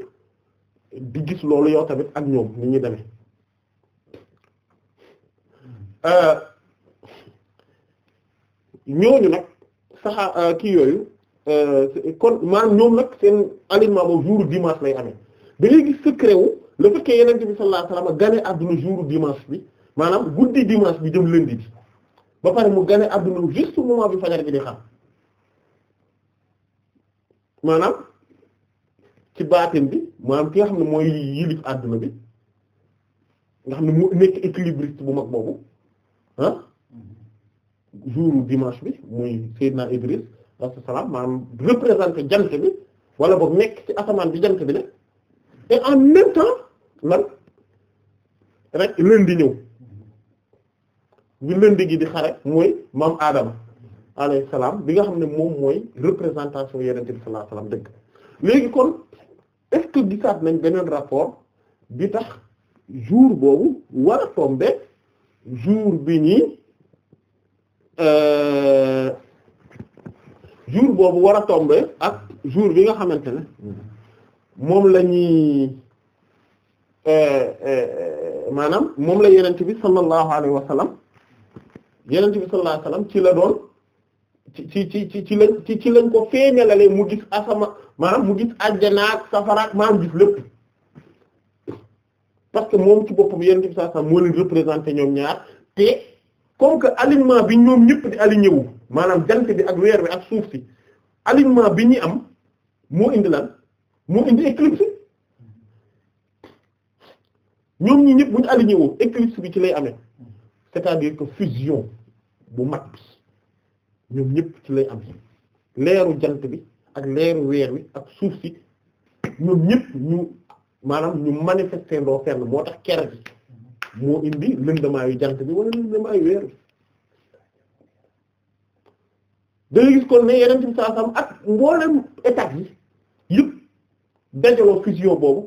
di gis loolu yow tamit ak ñoom ni ñuy demee euh, ñooñu nag saxaa euh, kii yooyu euh, kon maanaam ñoom nag seen alignement boobu jour dimanche lay amee da léegi gis secret wu le fait que yonent bi sallallahu alayhi gane àdduna jour dimanche bi maanaam guddi dimanche bi jëm lundi bi ba pare mu gane àdduna juste moment bi fajar bi di xam. maanaam ci baatin bi maanaam ki nga xam ne mooy yilif àdduna bi nga xam ne mu nekk équilibriste bu mag boobu ah jour dimanche bi muy Seydina Idris alayhi salaam maanaam représenté jant bi wala boog nekk ci asamaan bi jant bi ne et en même temps lan rek lundi ñëw bi lundi gi di xare mooy maam Adama. alayhi salaam bi nga xam ne moom mooy représentation yenente bi sallallahu alayhi wasallam dëgg léegi kon est-ce que nañ beneen rapport bi tax jour boobu war a jour bi nii euh, jour boobu war a tomber ak jour bi nga xamante ne moom la ñuy euh, euh, maanaam moom la yenente bi sallallahu alayhi wasallam yenente bi sallallahu alayhi wasallam ci la doon ci ci ci ci lañ ci ci lañ ko feeñalale mu gis asama maanaam mu gis ajjanaak safaraak maanaam gis lépp parce que moom ci boppam yenn ci saa saa moo leen représenté ñoom ñaar te comme que alignement bi ñoom ñëpp di aligné wu maanaam jant bi ak weer bi ak suuf si alignement bi ñi am moo indi lan moo indi éclipse ñoom ñi ñëpp bu ñu aligné éclipse bi ci lay amee c'est-à-dire que fusion bu mat ñoom ñëpp ci lay am leeru jant bi ak leeru weer wi ak suuf si ñoom ñëpp ñu maanaam ñu manifester ndoo fenn moo tax ker bi moo indi lëndamaayu jant bi wala lëndamaayu weer wi dañuy gis kon ne yeneen ci saa sam ak mboolem état yi yëpp dajaloo fusion boobu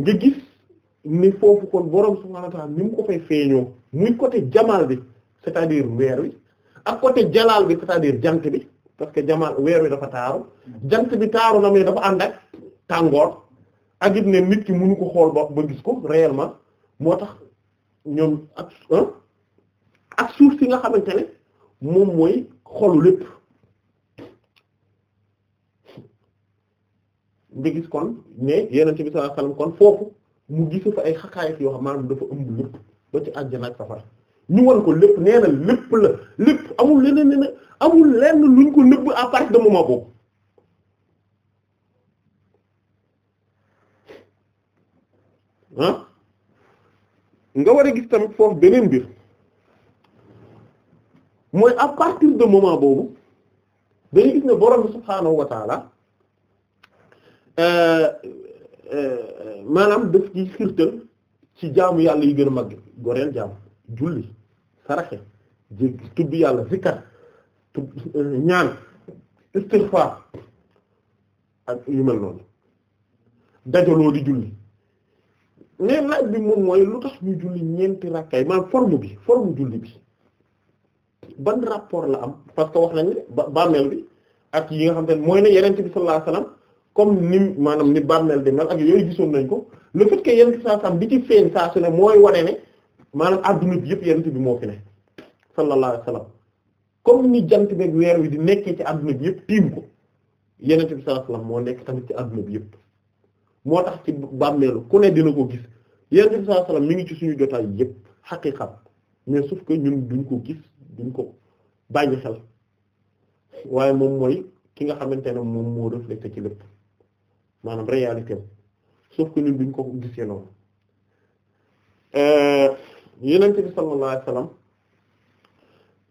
nga gis ni foofu kon borom subhaanahu wa ta'aala ni mu ko fay feeñoo muy côté jamal bi cest à weer wi ak côté jalaal bi cest à bi parce que jamaa weer wi dafa taaru jant bi taaru na mais dafa ànd ak tàngoor ak it ne nit ko xool ba ba gis ko réellement moo tax ñoom ak suuf si nga xamante ne moom mooy xolu lépp nga gis kon ne yeneen bi sallallahu alayhi wasallam kon foofu mu gisu fa ay xaqaayif yoo xam maanaam dafa ëmb lépp ba ci àjjana ak safara ñu won ko lépp nee na lépp la lépp amul leneen ne amul lenn luñ ko nëbb à partir de moment boobu ah nga war a gis tamit foofu beneen mbir mooy à partir de moment boobu dañu gis ne borom bi subhaanahu euh, euh, maanaam daf ci xirtal ci jaamu yàlla yi gën a mag goreel jaam julli saraxe jé tudd yàlla zikkar tudd euh, ñaan istighfar ak yu mel noonu dajaloo di julli mais laaj bi moom mooy lu tax ñu julli ñeenti rakkaay maanaam forme bi forme julli bi ban rapport la am parce que wax nañ ba bàmmeel bi ak yi nga xam te ne mooy ne yeneen bi sallallahu alayhi wasallam comme ni maanaam ni bàmmeel di mel ak yooyu gisoon nañ ko le fait que saa sam bi ci feeñ saa su ne mooy wane ne maanaam adduna bi yëpp yent bi moo fi ne sallallahu wa sallam comme ni jant beeg weer wi di nekkee ci àdduna bi yëpp tiim ko yenent bi sallallahu alayhi wa moo nekk tamit ci adduna bi yëpp moo tax ci bàmmeelu ku ne dina ko gis yenent mi ngi ci suñu jotaay yëpp xaqiiqa mais sauf que ñun duñ ko gis duñ ko bàyyi xel waaye moom mooy ki nga xamante ne moom moo reflété ci lépp maanaam réalité sauf que ñun duñ ko gisee noonu Yonent bi sallallahu alayhi wasallam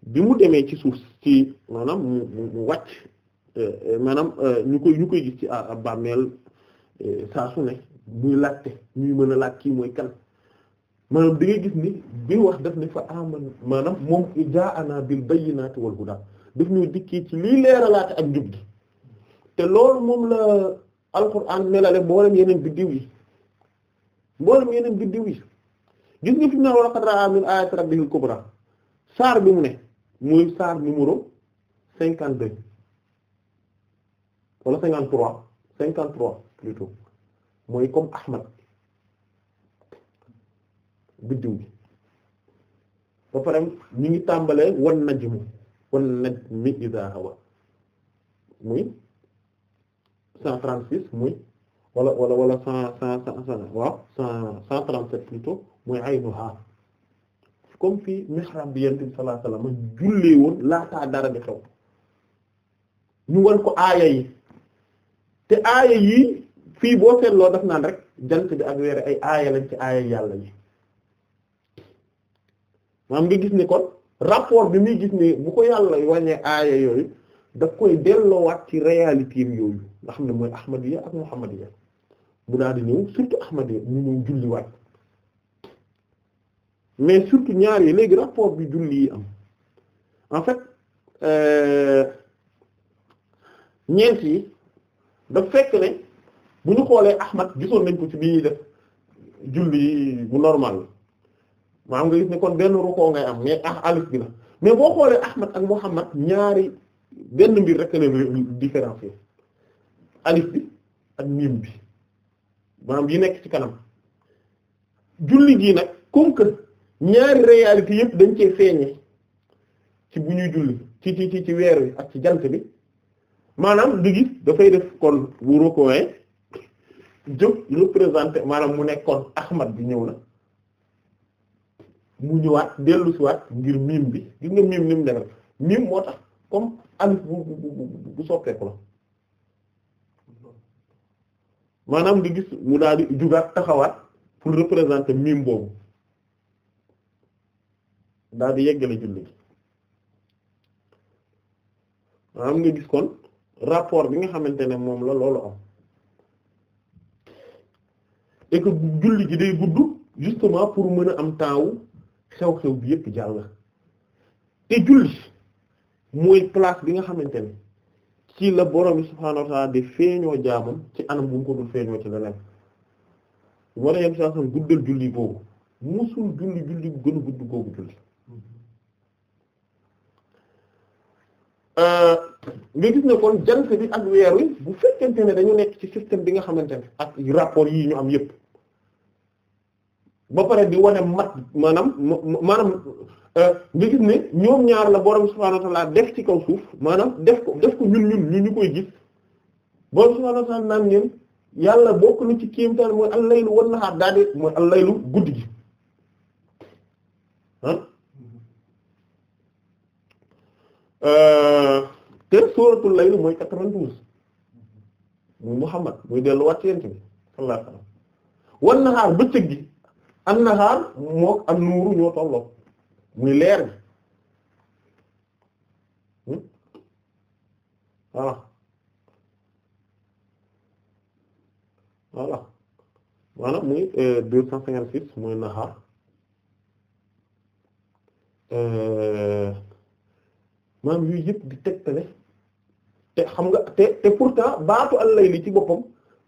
bi mu demee ci suuf ci maanaam mu mu wàcc euh, euh, maanaam euh, ñu koy ñu koy gis ci bàmmeel saa su ne muy laajte ñuy mën a laaj kii mooy kan maanaam da ngay gis ni bi wax daf ne fa aman maanaam moom jaa'ana bil bayyinaati wal huda daf ñoo dikkee ci lii leeralaate ak njub gi te loolu moom la alquran melale mboolem yeneen biddiw yi mboolem yeneen biddiw yi gis nga fi mu ne wa laqad ra'a min ayati rabbihil kubra saar bi mu ne muy saar numéro cinquante deux wala cinquante trois cinquante trois mooy comme Ahmad biddiw bi ba pare ñu ngi tàmbalee wan najmu wan najmi idha hawa muy cent trente six muy wala wala wala cent cent cent waaw cent cent trente sept plutôt mooy aynuha comme fii mihrab bi yonent bi sallallahu alayhi jullee woon laataa dara di xew ñu war ko aaya yi te aaya yi fii boo seetloo daf naan rek jant bi ak weer ay aaya lañ ci aaya yàlla yi maam ngi gis ni kon rapport bi muy gis ni bu ko yàlla wàññee aaya yooyu daf koy delloowaat ci réalité yooyu nga xam ne mooy ahmadiyya ak muhammadiyya bu daal di ñëw surtout ahmadiyya mu ñëw julliwaat mais surtout ñaari yi léegi rapport bi julli yi am en fait euh, ñeent yi daf fekk ne bu ñu xoolee Ahmad gisoon nañ ko ci bi ñuy def julli bu normal maam nga gis ne kon benn rukkoo ngay am mais ah alif bi la mais boo xoolee Ahmad ak Muhammad ñaari benn mbir rek leen différencier alif bi ak miim bi maanaam yi nekk ci kanam julli gi nag comme que ñaari réalité yëpp dañ cee feeñe ci bu ñuy julli ci ci ci weer wi ak ci jant bi maanaam du gis dafay def kon bu rokowee jóg représenté maanaam mu nekkoon Ahmad bi ñëw na mu ñëwaat dellu waat ngir miim bi gis nga miim ni mu demee miim moo tax comme alif bu bu bu soppeeku la maanaam di gis mu daal di jugaat taxawaat pour représenter miim boobu daal di yeggale julli am nga gis kon rapport bi nga xamante ne moom la loolu am et julli gi day gudd justement pour mën a am temps wu xew-xew bi yépp jàll te julli mooy place bi nga xamante ne ci la borom subhaanahu wa ta'ala di feeñoo jaamam ci anam bu mu ko dul feeñoo ci leneen war a yem saa guddal julli boobu musul julli julli bu gën a gudd googu julli Euh, nga gis ne kon jant bi ak weer bu fekkente ne dañu nekk ci système bi nga xamante ne ak rapport yi ñu am yépp ba pare di wane mat maanaam maanaam euh, nga gis ne ñoom ñaar la borom subhaanahu wa def ci kaw suuf maanaam def ko def ko ñun ñun ñu ñu koy gis borom subhaanahu naan ngeen yàlla bokk na ci kéemtaan mooy al-laylu wan-nahaar daal di mooy al-laylu guddi gi Euh, te suuratul layl mooy quatre-vingt-douze muy Muhammad muy delluwaat ci yent bi sallallahu alayhi wasallam wan naxaar bëccëg gi an naxaar moo am nuuru ñoo tolloo muy leer bi hmm? voilà voilà maanaam muy euh, deux cent cinquante-six muy naxaar euh, maanaam yooyu yëpp di tegtale te xam nga te te pourtant baatu al-layli ci boppam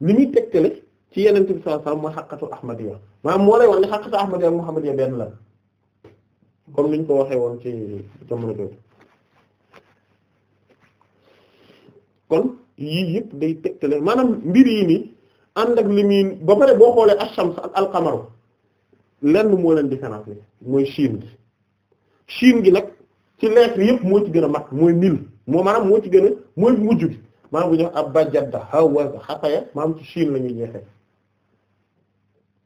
li muy tegtale ci yeneen bi sallallahu alayhi wasallam mooy xaqatul ahmadiyya maanaam moo lay wax ne xaqatul ahmadiyya ak muhammadiyya benn la ko waxee woon ci jamono jooju kon yii yëpp day tegtale maanaam mbir yi nii ànd ak li muy ba pare boo xoolee ash ak al-qamar lenn moo leen différence bi mooy shiin gi shiin gi nag ci lettre yëpp moo ci gën a mag mooy mil moo maanaam moo ci gën a mooy mujj bi maanaam bu ñu wax abajadda hawaza xataya maanaam ci Chine la ñuy jeexee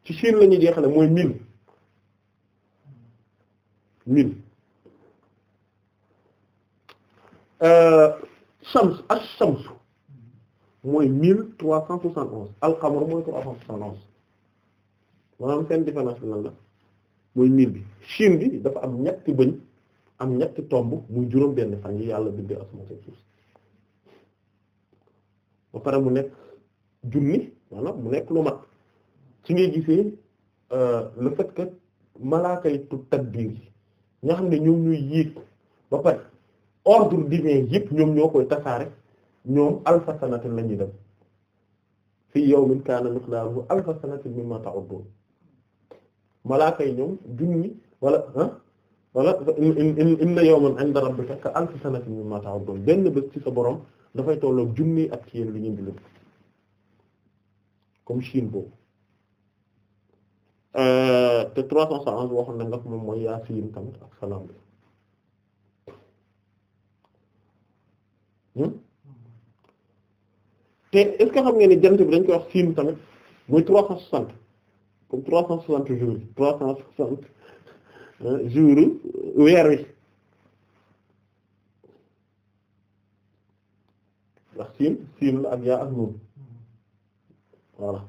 ci Chine la ñuy jeexale mooy mil mil euh, shams ak shamsu mooy mille trois cent soixante onze alxamr mooy trois cent soixante onze maanaam seen différence bi lan mooy mil bi Chine bi dafa am ñetti bëñ am ñett tomb muy juróom benn fan yi yàlla bindee asamaan ak suuf ba pare mu nekk junni maanaam mu nekk lu mat ci ngay gisee euh, le fait que malaaka yi tu tadbir yi nga xam ne ñoom ñuy yéeg ba pare ordre divin yëpp ñoom ñoo koy tasaare ñoom alfa sanatin la ñuy dem fii yawmin kaana miqdaaruhu alfa sanatin mimma ta'uddun malaaka yi ñoom junni wala wala inna yawman 'inda rabbika ka alfi sanatin mimma ta'uddun benn bés ci sa borom dafay tolloog junni ak ci yéen lu ñuy lim comme Chine boobu euh, te 371 waxoon na nga ko moom mooy Yaasiin tamit ak salaam bi hmm? te est-ce que xam ngeen ne jant bi dañ koy wax Siin tamit mooy 360 comme 360 jours 360. jour weer wi ndax siin siin la ak yaa ak noonu voilà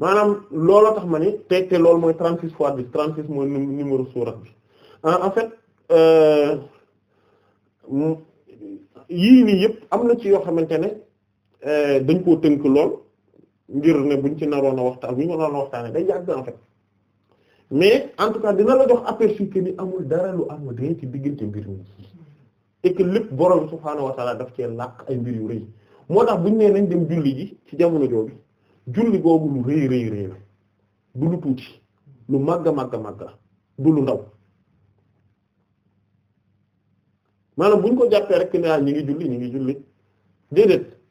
maanaam looloo tax ma ni teg te loolu mooy 36 fois bi 36 mooy numéro surat bi en fait euh, yii nii yëpp am na ci yoo xamante ne euh, dañ koo tënk lool ngir ne buñ ci naroon a waxtaan buñ ko naroon a waxtaanee day yàgg en fait. mais en tout cas dina la jox aperçu que ni amul dara lu am dee ci diggante mbir mi et que lépp borom subhaanahu wa taala daf cee làkk ay mbir yu rëy moo tax bu ñu nee nañ dem julli ji ci jamono jooju julli googu lu rëy rëy rëy la du lu tuuti lu màgg a màgg a la du lu ndaw maanaam bu ñu ko jàppee rek que ni ñu ngi julli ñu ngi julli déedéet.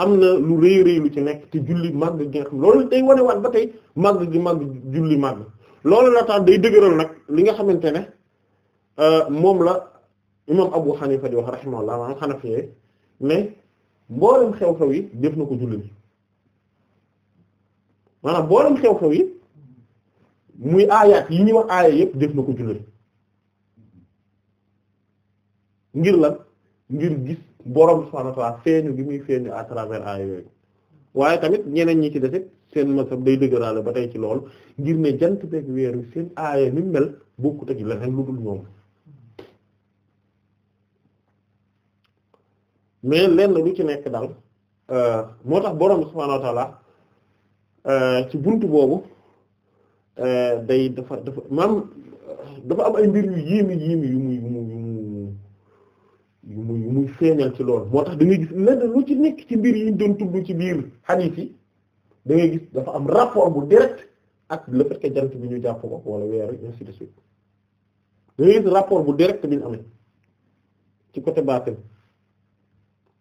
am na lu rëy rëy lu ci nekk te julli màgg gi nga xam loolu day wane waat ba tey màgg gi màgg julli màgg loolu la tax day dëgëral nag li nga xamante ne euh, moom la imam Abu Hanifa di wax rahimahullah maanaam xanafiyee mais mboolem xew-xew yi def na ko julli bi maanaam mboolem xew-xew yi muy aayaat yi ñuy wax aaya yépp def na ko julli ngir lan ngir gis borom subhaanahu wa feeñu gi muy feeñu à travers yooyu waaye tamit ñeneen ñi ci des seen masab day dëgëraale ba tey ci loolu ngir ne jant beeg weer wi seen aaya ni mel bokkut ak leneen lu dul ñoom ci nekk daal euh, tax borom subhaanahu euh, ci buntu boobu euh, day dafa dafa maam dafa am ay mbir yu yéeme yéeme yu feeñal ci lool moo tax da gis lenn lu ci nekk ci mbir yi ñu doon ci biir hadith yi da ngay gis dafa am rapport bu direct ak le fait jant bi ñu jàpp ko wala weer ainsi si suite da ngay gis rapport bu direct bi ñu amee ci côté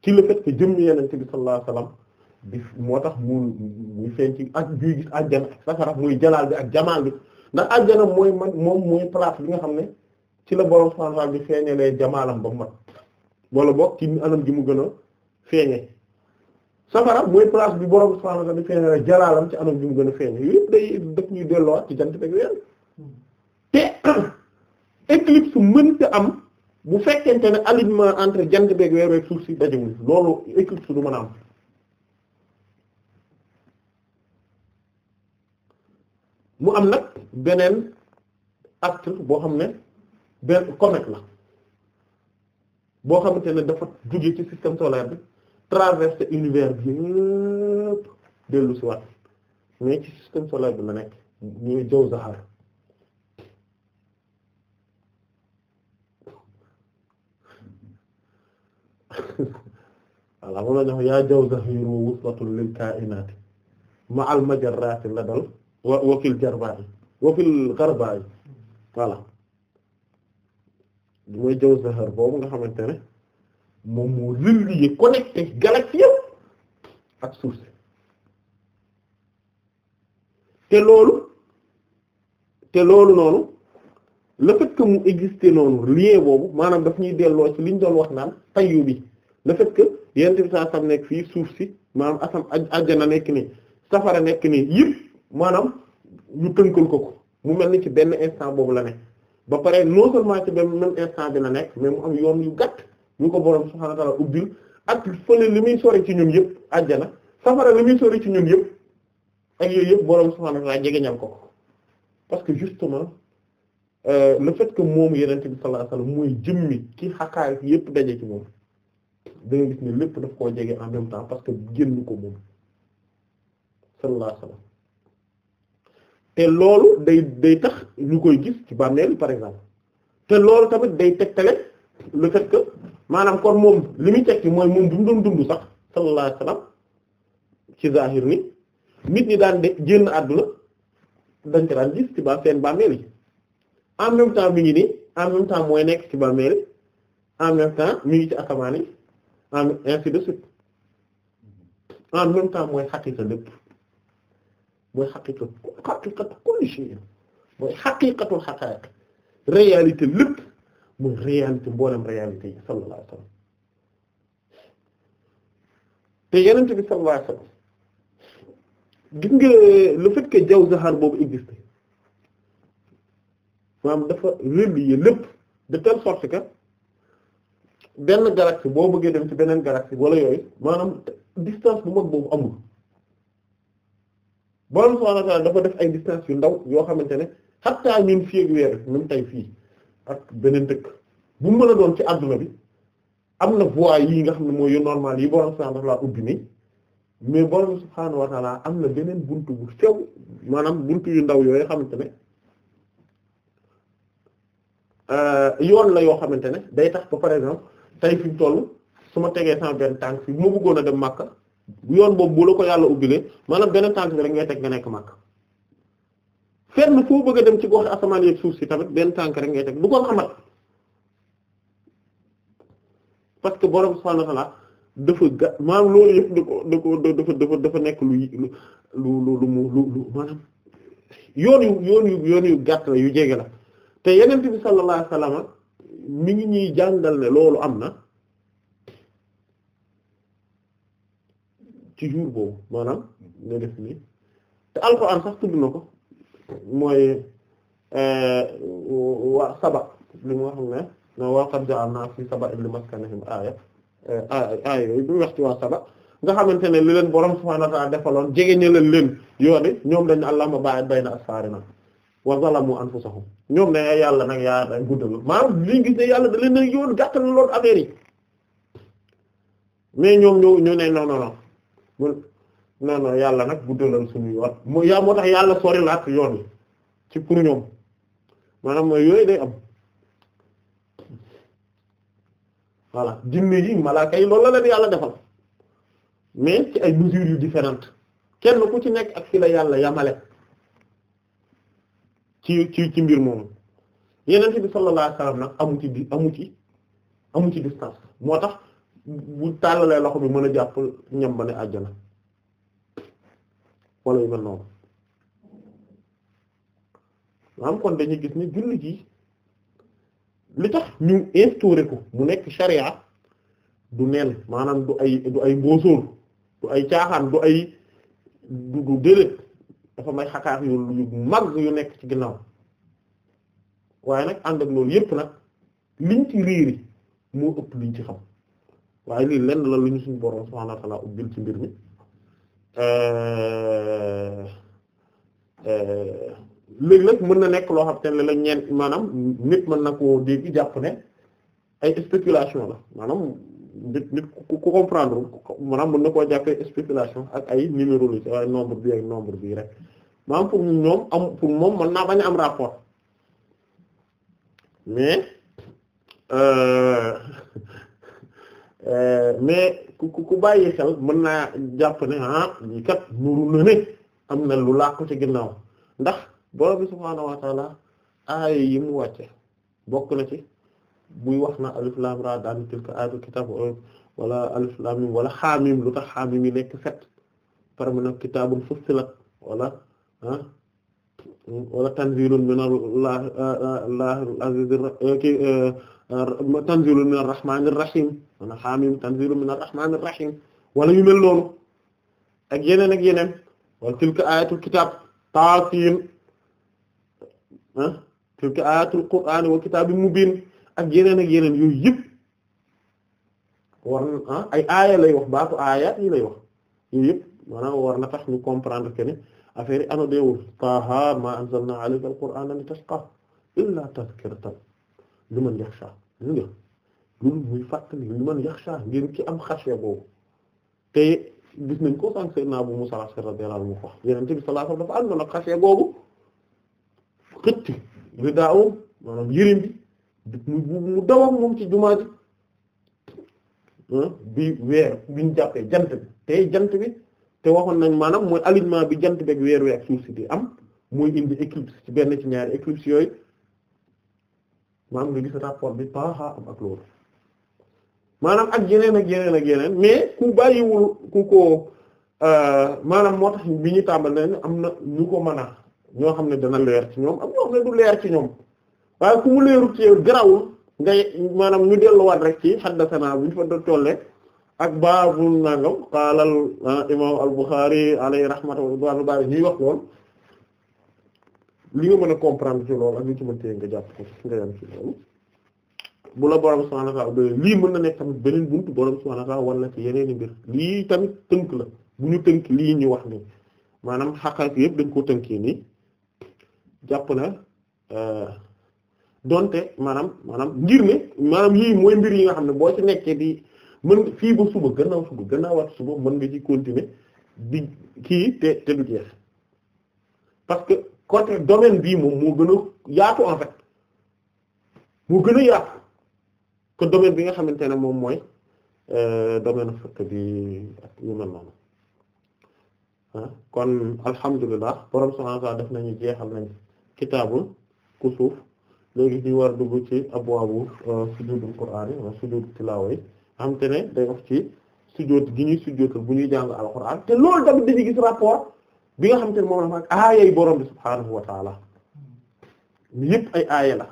ci le fait que jëmm yenente bi sallallahu alayhi moo tax mu muy feeñ ci ak buy gis àjjana safara muy jalaal bi ak jamaal bi ndax àjjana mooy man moom mooy place bi nga xam ne ci la borom subhanahu wa ta'ala bi feeñalee jamaalam ba mat wala boog ci anam gi mu gën a feeñe safara mooy place bi borom subhaanahu wa ta'aala feeñe rek jalaalam ci anam gi mu gën a feeñe yëpp day daf ñuy delloowaat ci jant ak weer te éclipse mënta am bu fekkente ne alignement entre jant beeg weer beeg suuf si dajewul loolu éclipse du mën a am mu am nag beneen acte boo xam ne benn comète la boo xamante ne dafa jóge ci système solaire bi traversé univers bi yëpp dellu si nekk ñuy jaw zahar voilà moom la ñu wax yaa jaw lil kainati ma al majarrati la dal wa wa fil mooy Jawzahar boobu nga xamante ne moom moo relier connecté galaxie yëpp ak suuf si te loolu te loolu noonu le fait que mu exister noonu lien boobu maanaam daf ñuy delloo ci liñ doon wax naan tayyu bi le fait que yent bi saa sam nekk fii suuf si maanaam asam ajjana nekk nii safara nekk nii yëpp maanaam ñu tënkal ko ko mu mel ni ci benn instant boobu la ne ba pare non seulement ci benn même instant bi la nekk mais mu am yoon yu gàtt yu ko borom subhaanahu wa ta'aala ubbil ak fële li muy sore ci ñun yëpp àjjana safara li muy sori ci ñun yëpp ak yooyu yëpp borom subhaanahu wa jege jegeñal ko parce que justement euh, le fait que moom yenente bi sallallahu alayhi wasallam mooy jëmmi ki xakaay yëpp daje ci moom da nga gis ne lépp daf koo jege en même temps parce que génn ko moom sallallahu alayhi wasallam te loolu day day tax ñu koy gis ci bàmmeel par exemple te loolu tamit day tegtale le fait que maanaam kon moom li muy tekki mooy moom bi mu doon dund sax sallallahu alayhi wasallam ci zahir ni nit ñi daan de génn àdduna dañ ko daan gis ci ba seen bàmmeel yi en même temps mi ngi nii en même temps mooy nekk ci bàmmeel en même temps mi ngi ci asamaan en ainsi de suite en même temps mooy xaqiqa lépp mooy xaqiqa xaqiqatu kulli shay mooy xaqiqatul xaqaaiq réalité lépp mooy réalité mboolem réalité yi sallallahu alayhi wa sallam te yenente bi sallallahu alayhi wa sallam gis nga le fait que Jawzahar boobu existe maanaam dafa relier lépp de telle sorte que benn galaxie boo bëggee dem ci beneen galaxie wala yooyu maanaam distance bu mag boobu amul borom subhaanahu wa ta'aala dafa def ay distance yu ndaw yoo xamante ne xattaa ñun fii ak ñun tey fii ak beneen dëkk bu mën a doon ci àdduna bi am na voies yi nga xam ne mooy yu normal yi borom subhaanahu wa ubbi nii mais borom subhaanahu wa ta'aala am na beneen bunt bu sew maanaam buntu yu ndaw yooyu xamante ne euh, yoon la yoo xamante ne day tax ba par exemple tey fi mu toll su ma tegee sama benn tànk fi mu ma bëggoon a dem Makka. yoon boobu bu la ko yàlla ubbilee maanaam benn tànk rek ngay teg nga nekk Makka fenn foo bëgg a dem ci gox asamaan yeeg suuf si tamit benn tànk rek ngay teg du ko xamal parce que borom subhaanahu wa dafa ga maanaam loolu yëpp da dafa dafa dafa nekk lu lu lu lu mu lu lu maanaam yoon yu yoon yu yoon yu gàtt la yu jege la te Yonent bi sallallaahu alayhi wa ngi ñuy jàngal ne loolu am na. ci jour boobu maanaam nga def ni te alxuraan sax tudd na ko mooy euh, waa saba li nga xam ne no wa qad ja'alna fi saba'in li maskanihim euh, aaya aaya yooyu bu wax ci waa saba nga xamante ne li leen borom subhaanahu wa ta'aala defaloon jege ñëleen leen yooni ñoom dañ allahumma ba'id bayna asfarina wa zalamu anfusahum ñoom ne yàlla nag yaa day guddal maanaam li ne yàlla da leen na yoon gàttal loolu affaire yi mais ñoom ñoo ñu ne non non non non yàlla nag guddalal suñu yoon mooy yaa moo tax yàlla sori laat yoon ci pour ñoom maanaam mooy yooyu day am voilà jinne yi malaaka yi loolu la yàlla defal mais ci ay mesures yu différentes kenn ku ci nekk ak fi la yàlla yamale ci ci ci mbir moomu yeneen bi sallallahu alayhi nag amu ci amu ci amu ci distance moo tax bu tàllalee loxo bi mën a jàpp ñam ba ne àjjana wala yu mel noonu maanaam kon dañuy gis ni julli gi li tax ñu instauré ko mu nekk sharia du neen maanaam du ay du ay mbóosóor du ay caaxaan du ay du du déedéet dafa may xakaar yu mag yu nekk ci ginnaaw waaye nag ànd ak loolu yépp nag liñ ci réeri moo ëpp liñ ci xam waaye lii lenn la lu ñu suñu borom subhaanahu wa ta'aala ubbil ci mbir mi léeg-léeg mën na nekk loo xam te ne la ñeent maanaam nit mën na koo dégg jàpp ne ay spéculation la maanaam nit nit ku comprendre maanaam mën na koo jàppee spéculation ak ay numérologie waaye nombre bi ak nombre bii rek maanaam pour ñoom am pour moom mën naa bañ am rapport mais euh, mais ku ku bàyyi xel mën naa jàpp ne ah ñi kat nuru na ne am na lu làqu ci ginnaaw ndax borom bi subhaanahu wa taala aaya yi mu wàcce bokk na ci buy wax na alif lam ra daan tilka ayatul kitab wala alif lam mim wala xaamim lu tax xaamim yi nekk set par mu nag kitaabun fussilat wala ah wala tanzilun min allahi al tanzilu min ar-rahmanir rahim wala hamim tanzilu min ar-rahmanir rahim wala yu mel noonu ak yeneen ak yeneen wala tilka ayatul kitab taasin ah tilka ayatul qur'an wa kitabin mubin ak yeneen ak yeneen yooyu yëpp war na ah, ay aaya lay wax baatu aaya yi lay wax yooyu yëpp maanaam war na tax ñu comprendre que ne affaire yi ana deewul taaha ma anzalna alayka al-qur'ana li tashqa illa tadhkiratan li man yaxsha li nga loolu muy fàttali li man yaxsha ngeen ki am xasya boobu te gis nañ ko sànq Seydina Abu Musa radiyallahu anhu wax Yonent bi sallallahu alayhi wasallam dafa àndoon ak xasya boobu xëcc ridaawam maanaam yërim bi mu dawam moom ci jumaa ji bi weer biñ jàppee jant bi tey jant bi te waxoon nañ maanaam mooy alignement bi jant bi ak weer wi ak suuf si di am mooy indi éclipse ci benn ci ñaar éclipse yooyu maanaam nga gis rapport bi Taaha am ak loolu maanaam ak yeneen ak yeneen ak yeneen mais ku bàyyiwul ku ko euh, maanaam moo tax bi ñu tàmbal nañ am na ñu ko mën a ñoo xam ne dana leer ci ñoom am ñoo xam ne du leer ci ñoom waaye ku mu leerul ci yow garawul nga maanaam ñu delluwaat rek ci xaddasana bu ñu fa do tolle ak baabul nangam xaalal ah, imam al Bukhari alayhi rahmatu wa ridwanu baabi ñuy wax lool li nga mën a comprendre ci loolu ak tee nga jàpp ko nga yam ci loolu bu la borom subhanahu wa ta'ala lii mën na nekk tamit beneen buntu borom subhanahu wa ta'ala war na yeneen mbir lii tamit tënk la ñu tënk lii ñu wax nii maanaam xaqaak yëpp dañ koo tënkee nii jàpp na euh, donte maanaam maanaam ngir ne maanaam lii mooy mbir yi nga xam ne boo ci nekkee di mën fii ba suba gannaaw suba gannaawaat suba mën nga ci continuer di kii te du jeex côté domaine bii moom moo gën yaatu en fait moo gën a yaatu que bi nga xamante ne moom mooy euh, domaine fekk bi ak noonu ah kon alhamdulilah borom subhaanahu wa def nañu jeexal nañ kitaabul kusuuf léegi ci war dugg ci abwaabu euh, sujuudul qur'aan yi wala sujuudul tilaawa yi nga xamante ne day wax ci sujuud gi ñuy sujuudal bu ñuy jàng alquran te loolu tamit dañuy gis rapport. bi nga xam te ne moom la ma aayay borom bi subhaanahu wa taala yëpp ay aaya la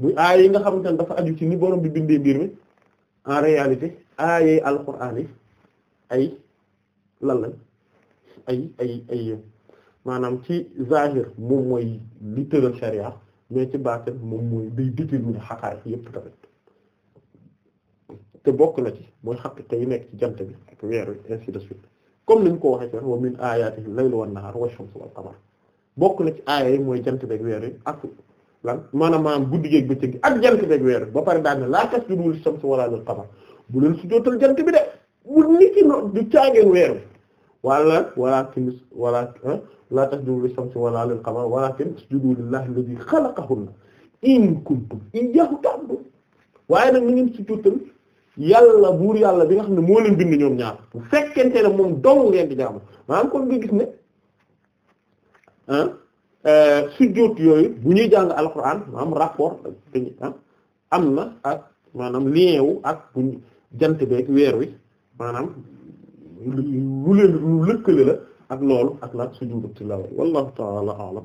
muy aaya yi nga xamante ne dafa aju ci ni borom bi bindee mbir mi en réalité aayay alquran ay lan lañ ay ay ay maanaam ci zahir moom mooy li tëral sharia mais ci baatin moom mooy day déterminer xaqaay yëpp tamit te bokk na ci mooy xaqiqa yi nekk ci jant bi ak weer wi ainsi de suite comme ni ñu ko waxee seen wa min ayaatihi laylu wan nahaar wa shamsu wal qamar bokk na ci aaya yi jant beeg weer yi ak lan maanaam maanaam guddi geeg bëccëg gi ak jant beeg weer ba pare daan la laa tasjudu li shamsi wala lil qamar bu leen sujjóotal jant bi de bu nit ki no du caageen weer bi wala wala kin ah wala laa tasjudu li shamsi wala lil qamar wa isjudu lillahi alladhi xalaqahunna in kuntum wa ta'budun waaye nag ni ngeen sujjóotal yàlla buur yàlla bi nga xam ne moo leen bind ñoom ñaar bu fekkente ne moom dong ngeen di jaamu maanaam kon nga gis ne ah euh, yooyu bu ñuy jàng alxuraan maanaam rapport ah, am na ak maanaam lien wu ak bu jant beeg weer wi maanaam lu leen lu lëkkale la ak loolu ak la sujjóotu tilaawa wallahu ta'ala a'lam